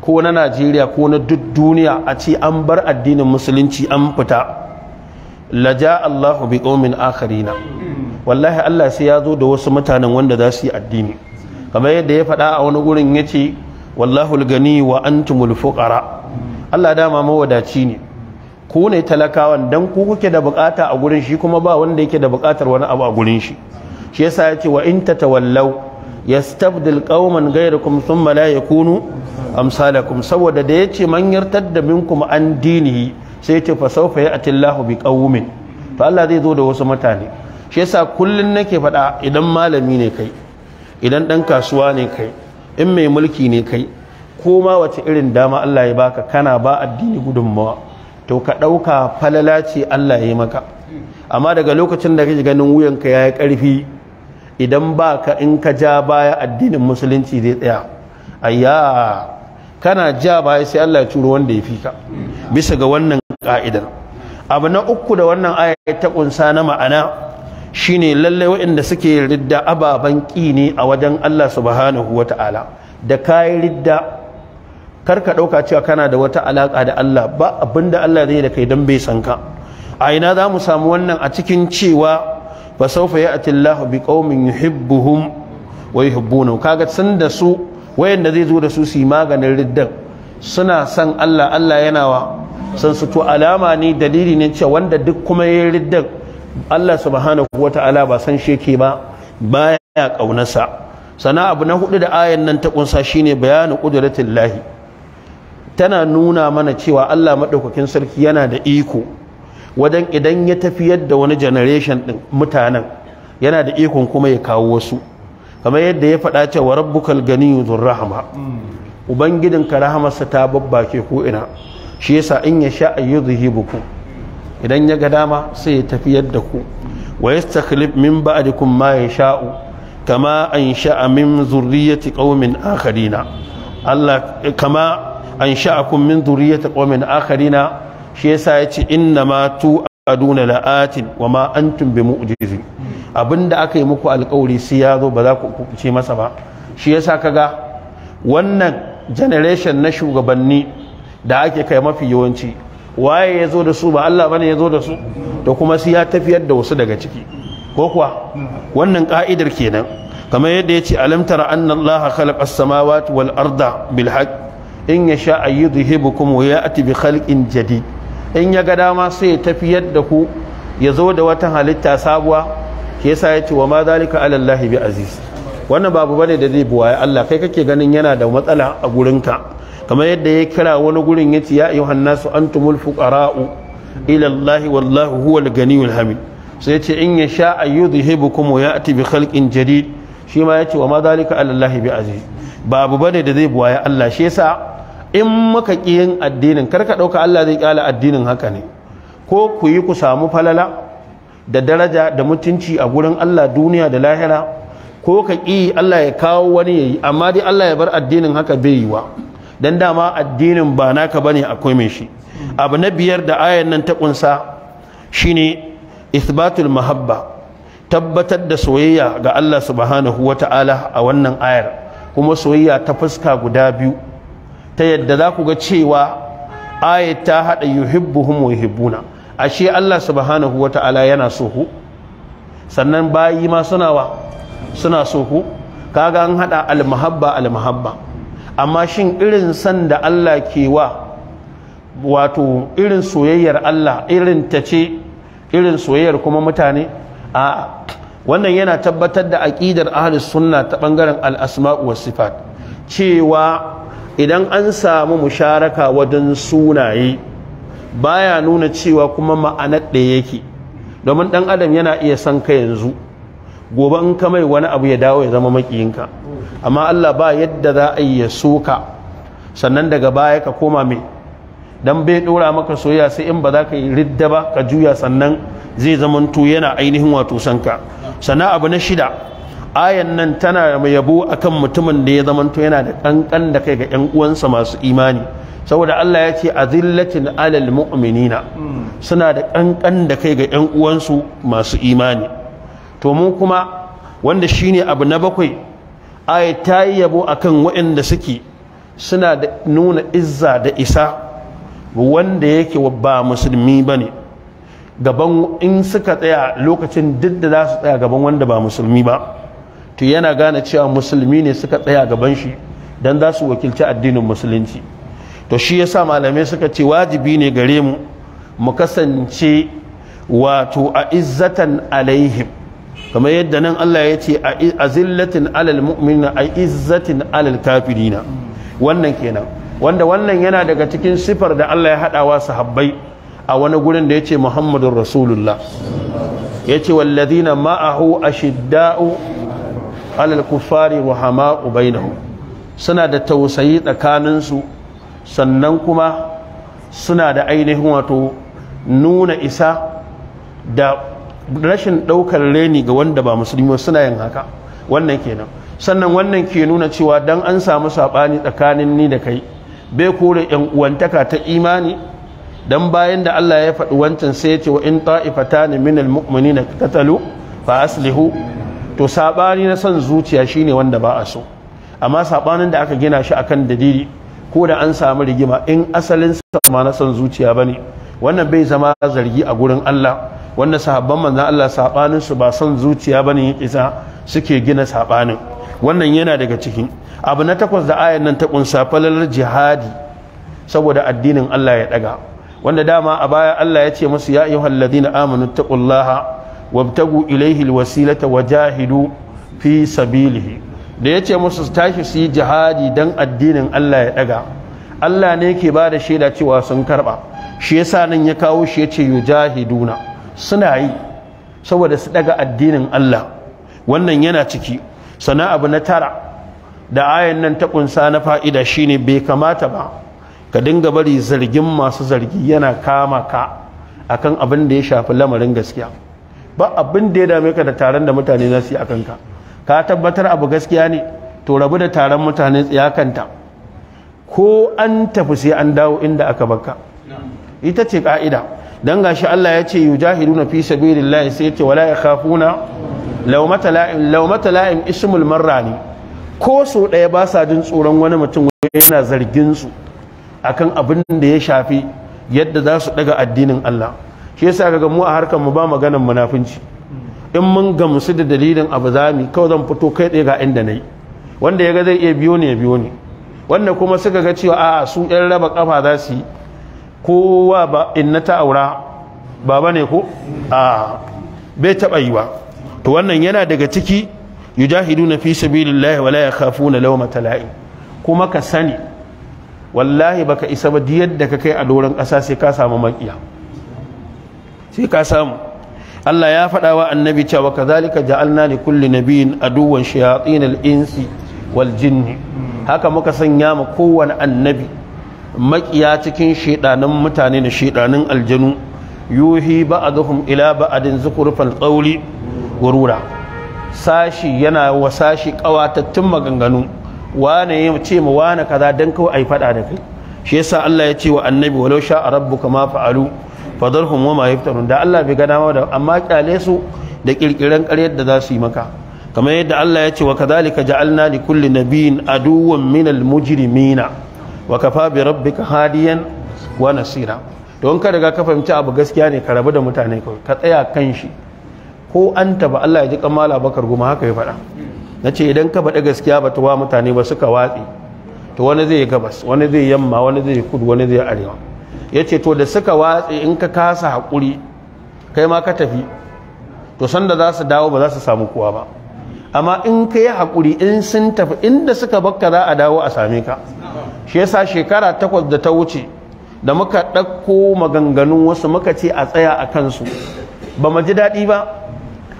ko na najeriya ko na duk duniya a ce an bar addinin musulunci an fita laja allahu bi omin akharina wallahi allah sai ya zo da wasu mutanen wanda za su yi addini kamar yadda ya faɗa a wani gurin ya ce wallahu gani wa antumul fuqara allah dama mawadaci ne ku ne talakawan dan ku kuke da bukata a gurin shi kuma ba wanda yake da bukatar wani abu a gurin shi shi yasa ce wa in tatawallaw yastabdil qauman ghayrakum thumma la yakunu amsalakum saboda da yace man yartadda kuma an dinihi sai ce fa sawfa ya'ti Allahu bi qaumin to Allah zai zo da wasu mutane shi yasa kullun nake faɗa idan malami ne kai idan dan kasuwa ne kai in mai mulki ne kai ko ma irin dama Allah ya baka kana ba addini gudunmawa to ka ɗauka falala ce Allah ya yi maka amma daga lokacin da kake ganin wuyanka ya yi ƙarfi idan ba ka in ka ja baya addinin musulunci zai tsaya ayya kana ja baya sai Allah ya turo wanda ya fi ka bisa ga wannan ka'idar abu na uku da wannan aya ta ƙunsa na ma'ana shine lallai waɗanda suke ridda ababen ƙi ne a wajen Allah subhanahu wata'ala da kayi ridda kar ka ɗauka cewa kana da wata alaƙa da Allah ba abinda Allah zai da kai don bai san ka a ina za mu samu wannan a cikin cewa fa sawfa ya'ti Allah bi qaumin yuhibbuhum wa yuhibbunahu kaga sun da su wayanda zai zo da su su yi maganin riddan suna san Allah Allah yana wa san su to alama ne dalili ne cewa wanda duk kuma ya riddan Allah subhanahu wata'ala ba san shi yake ba baya kaunarsa sana abu na hudu da ayan nan ta kunsa shine bayanin qudratillahi tana nuna mana cewa Allah maɗaukakin sarki yana da iko wajen idan ya tafiyar da wani generation ɗin mutanen yana da ikon kuma ya kawo wasu kamar yadda ya faɗa cewa rabbukal ganiyyu dhur ubangidin ubangidinka rahamarsa ta babbake ko ina shi yasa in ya sha ayyudhibukum idan ya ga dama sai ya tafiyar da ku wa yastakhlif min ba'dikum ma yasha'u kama ansha'a min zurriyyati qaumin akharina Allah kama an sha'akum min dhurriyyati qaumin akharina shi yasa yace inna ma tu aduna la'atin wa ma antum bimu'jizi abinda aka yi muku alƙawari sai ya zo ba za ku ce masa ba shi yasa kaga wannan generation na shugabanni da ake kai mafi yawanci waye ya zo da su ba Allah bane ya zo da su da kuma sai ya tafiyar da wasu daga ciki ko kuwa wannan ka'idar kenan kamar yadda ya ce tara annallaha Allah khalaqa as-samawati wal arda bil haqq in ya sha ayyudhibukum wa ati bi khalqin jadid in ya ga dama sai ya tafi yadda ku ya zo da wata halitta sabuwa shi yasa ya ce wa ma zalika ala Allah bi aziz wannan babu bane da zai buwaye Allah kai kake ganin yana da matsala a gurinka kamar yadda ya kira wani gurin ya ce ya ayyuhan nasu antumul fuqara'u ila Allah wallahu huwal ganiyul hamid sai ya ce in ya sha ayyudhibukum wa ati bi khalqin jadid shi ma ya ce wa ma zalika ala Allah bi aziz babu bane da zai buwaye Allah shi yasa in maka yin addinin karka ɗauka Allah zai ƙyala addinin haka ne ko ku yi ku samu falala da daraja da mutunci a gurin Allah duniya da lahira ko ka ƙi Allah ya kawo wani ya yi amma dai Allah ya bar addinin haka bai yi wa don dama addinin ba naka ba ne akwai mai shi abu na biyar da ayan nan ta ƙunsa ne isbatul mahabba tabbatar da soyayya ga Allah subhanahu wa ta'ala a wannan ayar kuma soyayya ta fuska guda biyu ta yadda za ku ga cewa ayat ta haɗa yuhibbuhum wa yuhibbuna ashe Allah subhanahu wata'ala yana so ku sannan bayi ma suna wa suna so ku kaga an haɗa almahaba almahabba amma shin irin san da Allah ke wa wato irin soyayyar Allah irin ta ce irin soyayyar kuma mutane a wannan yana tabbatar da aƙidar ahlus sunna ta ɓangaren asma'u was sifat cewa idan an samu musharaka wajen sunaye baya nuna cewa kuma ma'anar da yake domin dan adam yana iya san ka yanzu gobe in ka mai wani abu ya dawo ya zama makiyinka amma Allah ba yadda za a yi ya soka sannan daga baya ka koma mai dan bai ɗora maka soya sai in ba za ka yi ridda ba ka juya sannan zai zamanto yana ainihin wato sanka Sannan abu na shida ayan nan tana yabo akan mutumin da ya zamanto yana da kankan da kai ga yan uwansa masu imani saboda Allah ya ce azillatin alal mu'minina suna da kankan da kai ga yan uwansu masu imani to mu kuma wanda shine abu na bakwai aya ta yi yabo akan waɗanda suke suna da nuna izza da isa wanda yake ba musulmi bane gaban in suka tsaya lokacin duk da za su tsaya gaban wanda ba musulmi ba to yana gane cewa musulmi ne suka tsaya gaban shi dan za su wakilci addinin musulunci to shi yasa malamai suka ce wajibi ne gare mu mu kasance wato a izzatan alaihim kamar yadda nan Allah ya ce a zillatin alal mu'mina a izzatin alal kafirina wannan kenan wanda wannan yana daga cikin sifar da Allah ya haɗawa sahabbai a wani gurin da ya ce Muhammadun Rasulullah ya ce wallazina ma'ahu ashidda'u alal kuffari hama ubainahu suna da tausayi tsakaninsu sannan kuma suna da ainihin wato nuna isa da rashin ɗaukar reni ga wanda ba musulmi suna yin haka wannan kenan sannan wannan ke nuna cewa dan an samu saɓani tsakanin ni da kai bai kore yan uwantaka ta imani dan bayan da Allah ya faɗi wancan sai ya ce wa in ta'ifatan minal mu'minina qatalu fa aslihu to saɓani na son zuciya shine wanda ba a so amma saɓanin da aka gina shi akan dalili ko da an samu rigima in asalin sama na son zuciya bane wannan bai zama zargi a gurin Allah wanda sahabban manzon Allah saɓanin su ba son zuciya bane isa suke gina saɓanin wannan yana daga cikin abu na takwas da ayan nan ta kunsa falalar jihadi saboda addinin Allah ya daga wanda dama a baya Allah ya ce musu ya ayyuhal ladina amanu taqullaha wabtagu ilaihi alwasilata wajahidu fi sabilihi da yace musu tashi su yi jihadi dan addinin Allah ya daga Allah ne yake ba da shaida cewa sun karba shi yasa nan ya kawo shi yace yujahiduna suna yi saboda su daga addinin Allah wannan yana ciki sana abu na tara da ayan nan ta kunsa na fa'ida shine bai kamata ba ka dinga bari zargin masu zargi yana kama ka akan abin da ya shafi lamarin gaskiya ba abin da ya dame ka da taron da mutane za su yi a kanka ka tabbatar abu gaskiya ne to rabu da taron mutane ya kanta. ko an tafi sai an dawo inda aka baka ita ce ka'ida dan gashi Allah ya ce na fi sabilillahi sai ce wala yakhafuna lawmata la'im lawmata la'im ismul marrani ko su ɗaya ba sa jin tsoron wani mutum yana zargin su akan abin da ya shafi yadda za su daga addinin Allah shi yasa kaga mu a harkar mu ba maganan munafinci in mun gamsu da dalilin abu zami kawai zan fito kai tsaye ga inda nayi wanda yaga zai iya biyo ne ya biyo ne wanda kuma suka ga cewa a su yan raba kafa za su yi kowa ba in na ta aura baba ne ko a bai taba ba. to wannan yana daga ciki yujahiduna fi sabilillahi wala yakhafuna lawmata la'i kuma ka sani wallahi baka isa ba diyar da ka kai a doron ƙasa sai ka samu makiya sai ka samu Allah ya faɗa wa annabi cewa kazalika ja'alna li kulli nabiyyin aduwwan shayatin al-insi wal jinni haka muka sanya ma kowanne annabi makiya cikin shedanin mutane da shedanin aljanu yuhi ba'dhum ila ba'din zukurfal qawli gurura sashi yana wa sashi qawatattun maganganu wane ya ce mu wane kaza dan kawai ai faɗa da kai shi yasa Allah ya ce wa annabi walau sha rabbuka ma fa'alu fadar wa ma yaftarun da Allah bai ga da amma kyale su da kirkiran ƙaryar da za su yi maka kamar yadda Allah ya ce wa kadhalika ja'alna li kulli nabiyyin aduwwan minal mujrimina wa kafa rabbi ka hadiyan wa nasira don ka riga ka fahimci abu gaskiya ne ka rabu da mutane ka tsaya kan shi ko an taba Allah ya ji kamala bakar goma haka ya faɗa na ce idan ka faɗi gaskiya ba ta wa mutane ba suka watsi to wani zai gabas wani zai yamma wani zai kudu wani zai arewa yace to da suka watse in ka kasa hakuri kai ma ka tafi to sanda za su dawo ba za su samu kowa ba amma in ka yi hakuri in sun tafi inda suka bakka za a dawo a same ka shi yasa shekara takwas da ta wuce da muka ɗauko maganganun wasu muka ce a tsaya a kansu ba mu ji daɗi ba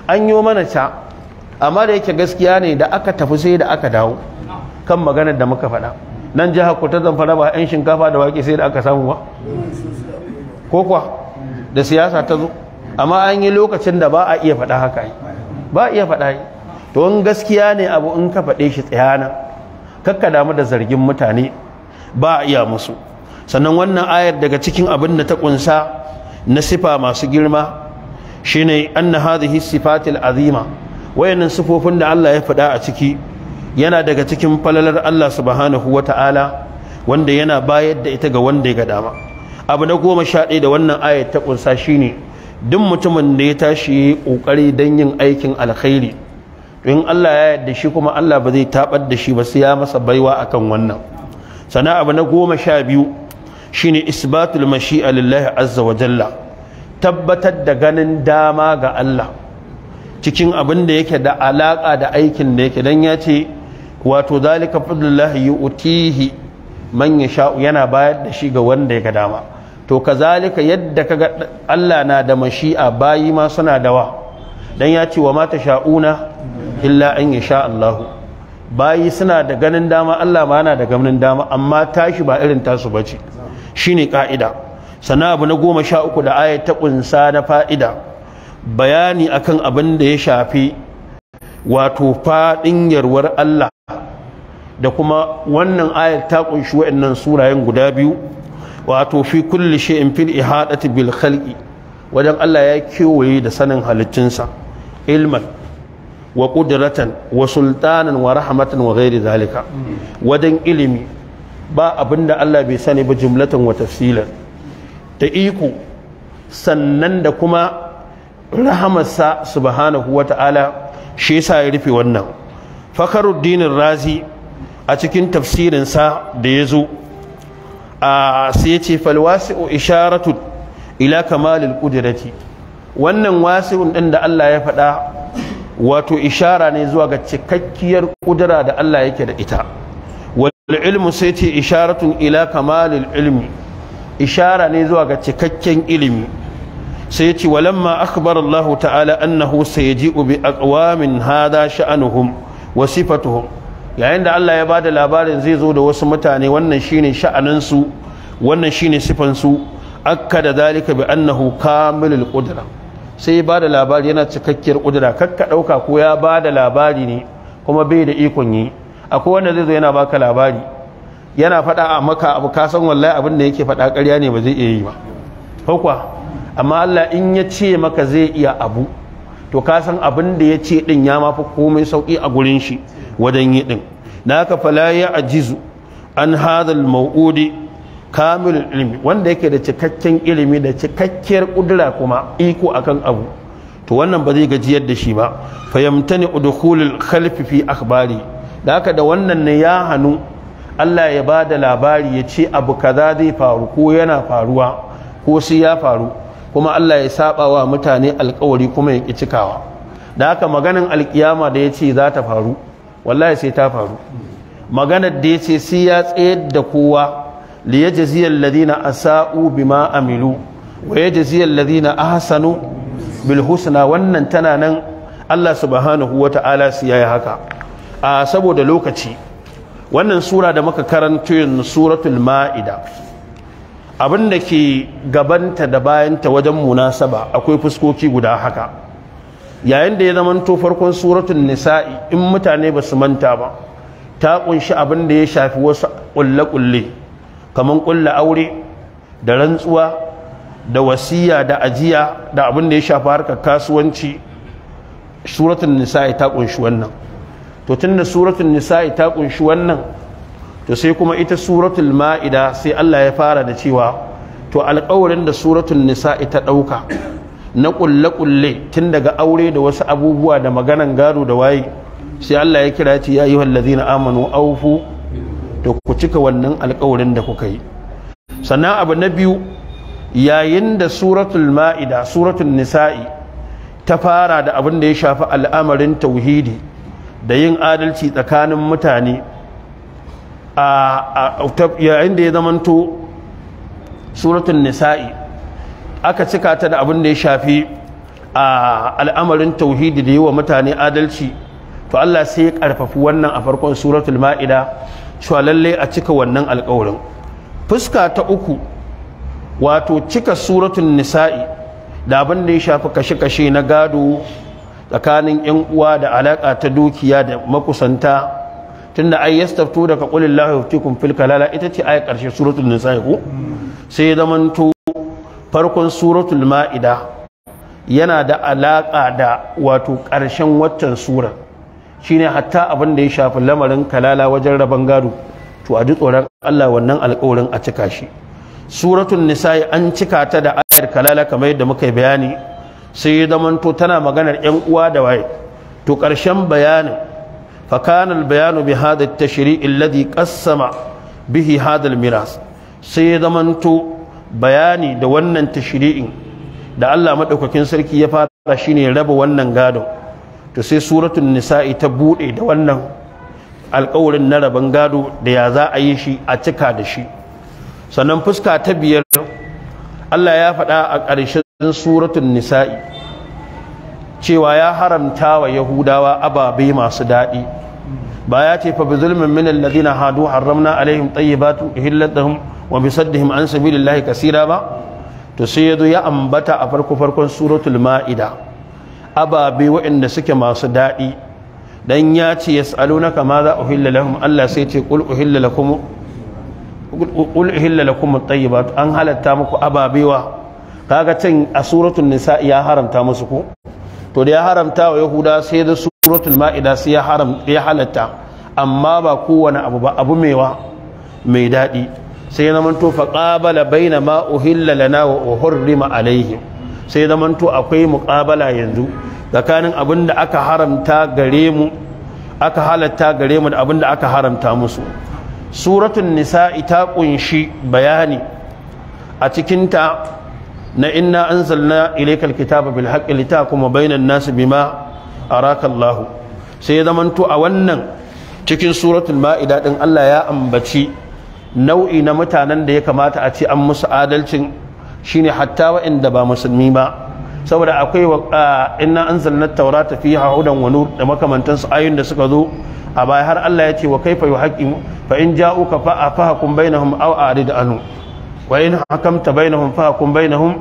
an yi mana ca amma da yake gaskiya ne da aka tafi sai da aka dawo kan maganar da muka faɗa nan jihar ku ta zamfara ba 'yan shinkafa da wake sai da aka samu ba ko kuwa da siyasa ta zo amma an yi lokacin da ba a iya faɗa haka yi ba a iya faɗa yi to wani gaskiya ne abu in ka faɗe shi tsayana kakka damu da zargin mutane ba a iya musu sannan wannan ayar daga cikin abin da ta kunsa na sifa masu girma shine na hadhihi sifatil azima wayannan sifofin da Allah ya faɗa a ciki yana daga cikin falalar Allah subhanahu wa ta'ala wanda yana bayar da ita ga wanda ya ga dama abu na goma sha ɗaya da wannan ayat ta ƙunsa shi ne duk mutumin da ya tashi ƙoƙari don yin aikin alkhairi in Allah ya yarda shi kuma Allah ba zai taɓar da shi ba sai ya masa baiwa akan wannan sana abu na goma sha biyu shine isbatul mashi'a lillahi azza wa jalla tabbatar da ganin dama ga Allah cikin abin da yake da alaƙa da aikin da yake don ya ce wato zalika fadlullahi yu'tihi man yasha yana bayar da shi ga wanda ya dama to kazalika yadda kaga Allah na da mashi'a bayi ma suna dawa dan ya ce wa ma sha'una illa an yasha Allah bayi suna da ganin dama Allah ma yana da ganin dama amma tashi ba irin tasu bace shine ka'ida sana abu na goma sha uku da ayat ta kunsa na fa'ida bayani akan abin da ya shafi wato faɗin yarwar Allah da kuma wannan ayar ta kunshi waɗannan surayen guda biyu wato fi kulli shay'in fil ihadati bil khalqi wajen Allah ya kewaye da sanin sa ilman wa qudratan wa sultanan wa rahmatan wa ghairi zalika wajen ilimi ba abinda Allah bai sani ba jumlatan wa tafsilan da iko sannan da kuma rahamarsa subhanahu wata'ala shi yasa ya rufe wannan fakaruddin razi a cikin tafsirinsa da ya zo a sai ya ce falwasi'u isharatu ila kamalil qudrati wannan wasi'un ɗin da Allah ya faɗa wato ishara ne zuwa ga cikakkiyar kudura da Allah yake da ita wal ilmu sai ce isharatun ila kamalil ilmi ishara ne zuwa ga cikakken ilimi sai ce walamma akhbar Allah ta'ala annahu sayji'u bi aqwamin hada sha'anuhum wa sifatuhum yayin da Allah ya bada labarin zai zo da wasu mutane wannan shine ne sha'anansu wannan shine sifan su da zalika bi annahu kamilul qudra sai ya bada labari yana cikakkiyar kudura kakka ɗauka ko ya bada labari ne kuma bai da ikon yi akwai wanda zai zo yana baka labari yana fada a maka abu ka san wallahi abin da yake fada karya ne ba zai iya yi ba hukwa amma Allah in ya ce maka zai iya abu to kasan abin da ya ce din ya mafi komai sauki a gurin shi wajen yi din da fala ya ajizu an hadal mawudi kamil ilmi wanda yake da cikakken ilimi da cikakkiyar kudura kuma iko akan abu to wannan ba zai gajiyar da shi ba fayamtani udkhulul khalfi fi akhbari da haka da wannan ne ya hanu Allah ya ba da labari ya ce abu kaza zai faru ko yana faruwa ko sai ya faru kuma Allah ya saba wa mutane alkawari kuma ya ki cikawa da haka maganin alkiyama da ya ce za ta faru wallahi sai ta faru maganar da ya ce sai ya tsayar da kowa jaziyar ladina a bi bima amilu wa jaziyar ladina ahsanu bil husna wannan tana nan Allah subhanahu ta'ala su yayi haka a saboda lokaci wannan sura da muka karanto yin suratul ma'ida abinda ke gabanta da bayanta wajen munasaba akwai fuskoki guda haka yayin da ya zamanto farkon suratun nisa'i in mutane ba su manta ba ta kunshi abin da ya shafi wasu kulle-kulle kamar kulle aure da rantsuwa da wasiya da ajiya da abin da ya shafi harkar kasuwanci suratun nisa'i ta kunshi wannan to tun da suratun nisa'i ta kunshi wannan to sai kuma ita suratul ma'ida sai Allah ya fara da cewa to alkawarin da suratun nisa'i ta ɗauka na ƙulle-ƙulle tun daga aure da wasu abubuwa da maganan gado da waye sai Allah ya kira ce ya yi wallazina amanu aufu da ku cika wannan alkawarin da kuka yi sannan abu na biyu yayin da suratul ma'ida suratul nisa'i ta fara da abin da ya shafi al'amarin tauhidi da yin adalci tsakanin mutane a yayin da ya zamanto suratul nisa'i aka cika ta da abin da ya shafi a al'amarin tauhidi da yi wa mutane adalci to Allah sai ya karfafi wannan a farkon suratul ma'ida cewa lalle a cika wannan alƙawarin fuska ta uku wato cika suratul nisa'i da abin da ya shafi kashe-kashe na gado tsakanin yan uwa da alaƙa ta dukiya da makusanta tunda ai yastaftu daga qulillahu yuftikum fil kalala ita ce ayat ƙarshe suratul nisa'i ko sai zamanto farkon suratul ma'ida yana da alaƙa da wato ƙarshen watan sura shine hatta abin da ya shafi lamarin kalala wajen rabon gado to a ji tsoron Allah wannan alƙawarin a cika shi suratul nisa'i an cika ta da ayar kalala kamar yadda muka bayani sai ya zamanto tana maganar yan uwa da waye to ƙarshen bayanin fakanal bayanu bi hada tashri'i kassama qassama bihi hada miras sai ya bayani da wannan tashiri'in da Allah maɗaukakin sarki ya fara ne raba wannan gado, to sai suratun nisa'i ta buɗe da wannan alƙawarin na raban gado da ya za a yi shi a cika da shi sannan fuska ta biyar Allah ya faɗa a ƙarshen suratun nisa'i cewa ya haramta wa yahudawa ababe masu daɗi ba ya ce fa bi zulmin min alladhina hadu harramna alaihim tayyibatu uhillat lahum wa bi saddihim an sabilillahi kaseera ba to sai yazo ya ambata a farko farkon suratul maida ababe waɗanda suke masu daɗi dan ya ce yas'alunaka ma za uhilla lahum Allah sai ce qul uhilla lakum qul uhilla lakum at-tayyibat an halatta muku ababewa kaga can a suratul nisa ya haramta musu ko to da ya haramta wa yahuda sai da suratul ma'ida sai ya haram ya halatta amma ba kowane abu ba abu mai daɗi sai na manto faqabala baina ma uhilla lana wa uhurrima alaihim sai na manto akwai muqabala yanzu tsakanin abin da aka haramta gare mu aka halatta gare mu da abin da aka haramta musu suratul nisa'i ta kunshi bayani a cikinta na inna anzalna ilaykal kitaba bil haqqi litahkuma bainan nasu bima araka Allah sai zamanto a wannan cikin suratul ma'ida din Allah ya ambaci nau'i na mutanen da ya kamata a ci an musu adalcin shine hatta wa'inda ba musulmi ba saboda akwai inna anzalna taurata fiha hudan wa nur da makamantan su ayoyin da suka zo a baya har Allah ya ce wa kaifa yuhaqqim fa in ja'uka fa afahkum bainahum aw arid anhu wa in hakamta bainahum fa hukum bainahum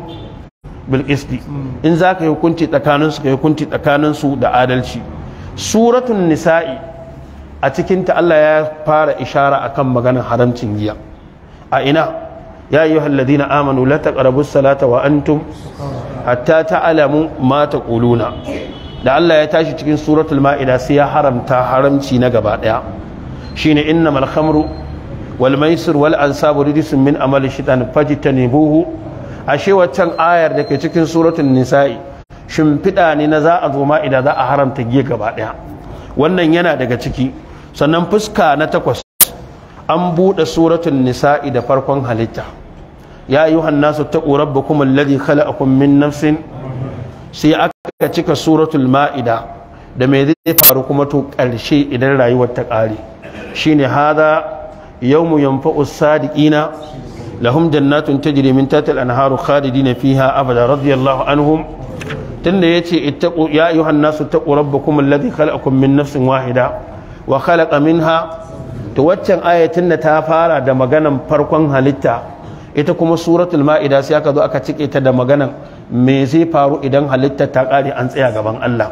bil qisti hmm. in zaka hukunci tsakanin su ka hukunci tsakanin su da adalci Suratun nisa'i a cikin Allah ya fara ishara akan maganar haramcin giya a ina ya ayyuhal ladina amanu la taqrabus salata wa antum hatta ta'lamu mata kuluna. da Allah ya tashi cikin suratun ma'ida sai ya haramta haramci na gaba daya shine innamal khamru wal maisir wal ansabu rijsun min amali shaitan fajtanibuhu ashe waccan ayar da ke cikin suratun nisa'i shimfiɗa ne na za a zo ma'ida za a haramta giya gaba ɗaya wannan yana daga ciki sannan fuska na takwas an buɗe suratun nisa'i da farkon halitta ya yi hannasu ta ƙorar kuma alladhi a min nafsin sai aka cika suratun ma'ida da mai zai faru kuma to ƙarshe idan rayuwar ta ƙare shine haza. yawmu yanfa'u sadiqina lahum jannatun tajri min tahtiha al-anharu khalidina fiha abada radiyallahu anhum tunda yace ittaqu ya ayyuhan nasu taqu rabbakum alladhi khalaqakum min nafsin wahida wa khalaqa minha to waccan ayatin da ta fara da maganan farkon halitta ita kuma suratul ma'ida sai aka zo aka cike ta da maganan me zai faru idan halitta ta kare an tsaya gaban Allah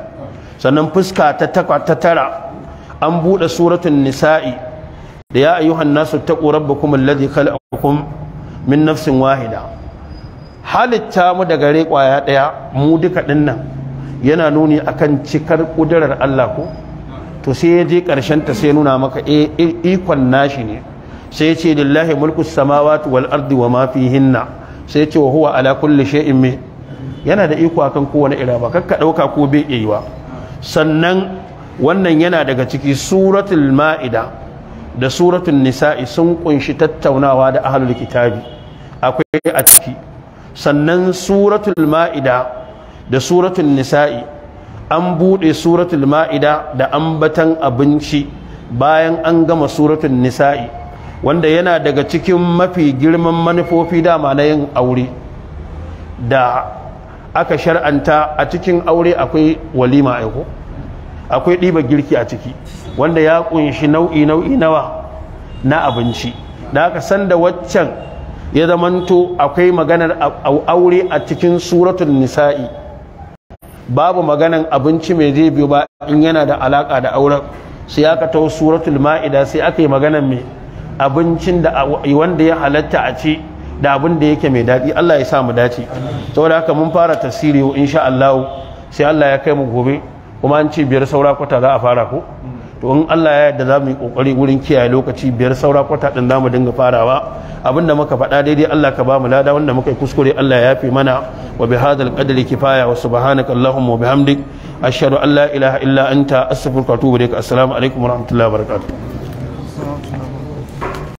sannan fuska ta ta tara an buɗe suratun nisa'i da ya ayyuhan nasu taqu rabbakum alladhi khalaqakum min nafsin wahida halitta mu da gare kwaya ɗaya mu duka dinnan yana nuni akan cikar kudurar Allah ko to sai ya je karshen ta sai nuna maka e, e, ikon nashi ne sai ya ce lillahi mulku samawati wal ardi wa mafi hinna. sai ya ce wa huwa ala kulli shay'in me yana da iko akan kowane ira ba kakka ɗauka ko bai yi ba sannan wannan yana daga ciki suratul ma'ida da suratun nisa'i sun kunshi tattaunawa da ahlul kitabi akwai a ciki sannan suratul ma'ida da suratun nisa'i an buɗe suratul ma'ida da an batan abinci bayan an gama suratun nisa'i wanda yana daga cikin mafi girman manufofi dama na yin aure da aka shar'anta a cikin aure akwai walima aiko akwai ɗiba girki a ciki wanda ya kunshi nau'i nau'i nawa na abinci da aka san da waccan ya zamanto akwai maganar aure a cikin suratul nisa'i babu maganar abinci mai zai biyo ba in yana da alaka da auren sai aka tawo suratul ma'ida sai aka yi magana mai abincin da wanda ya halatta a ci da abin da yake mai daɗi Allah ya sa mu dace saboda haka mun fara tasiri insha Allah sai Allah ya kai mu gobe kuma an ci biyar saura kwata za a fara ko to in Allah ya yarda za mu yi kokari wurin kiyaye lokaci biyar saura kwata din za mu dinga farawa abinda muka faɗa daidai Allah ka bamu mu lada wanda muka yi kuskure Allah ya yafe mana wa bi hadal qadri kifaya wa subhanaka allahumma wa bihamdik ashhadu an la ilaha illa anta astaghfiruka wa atubu ilaik assalamu alaikum wa rahmatullahi wa barakatuh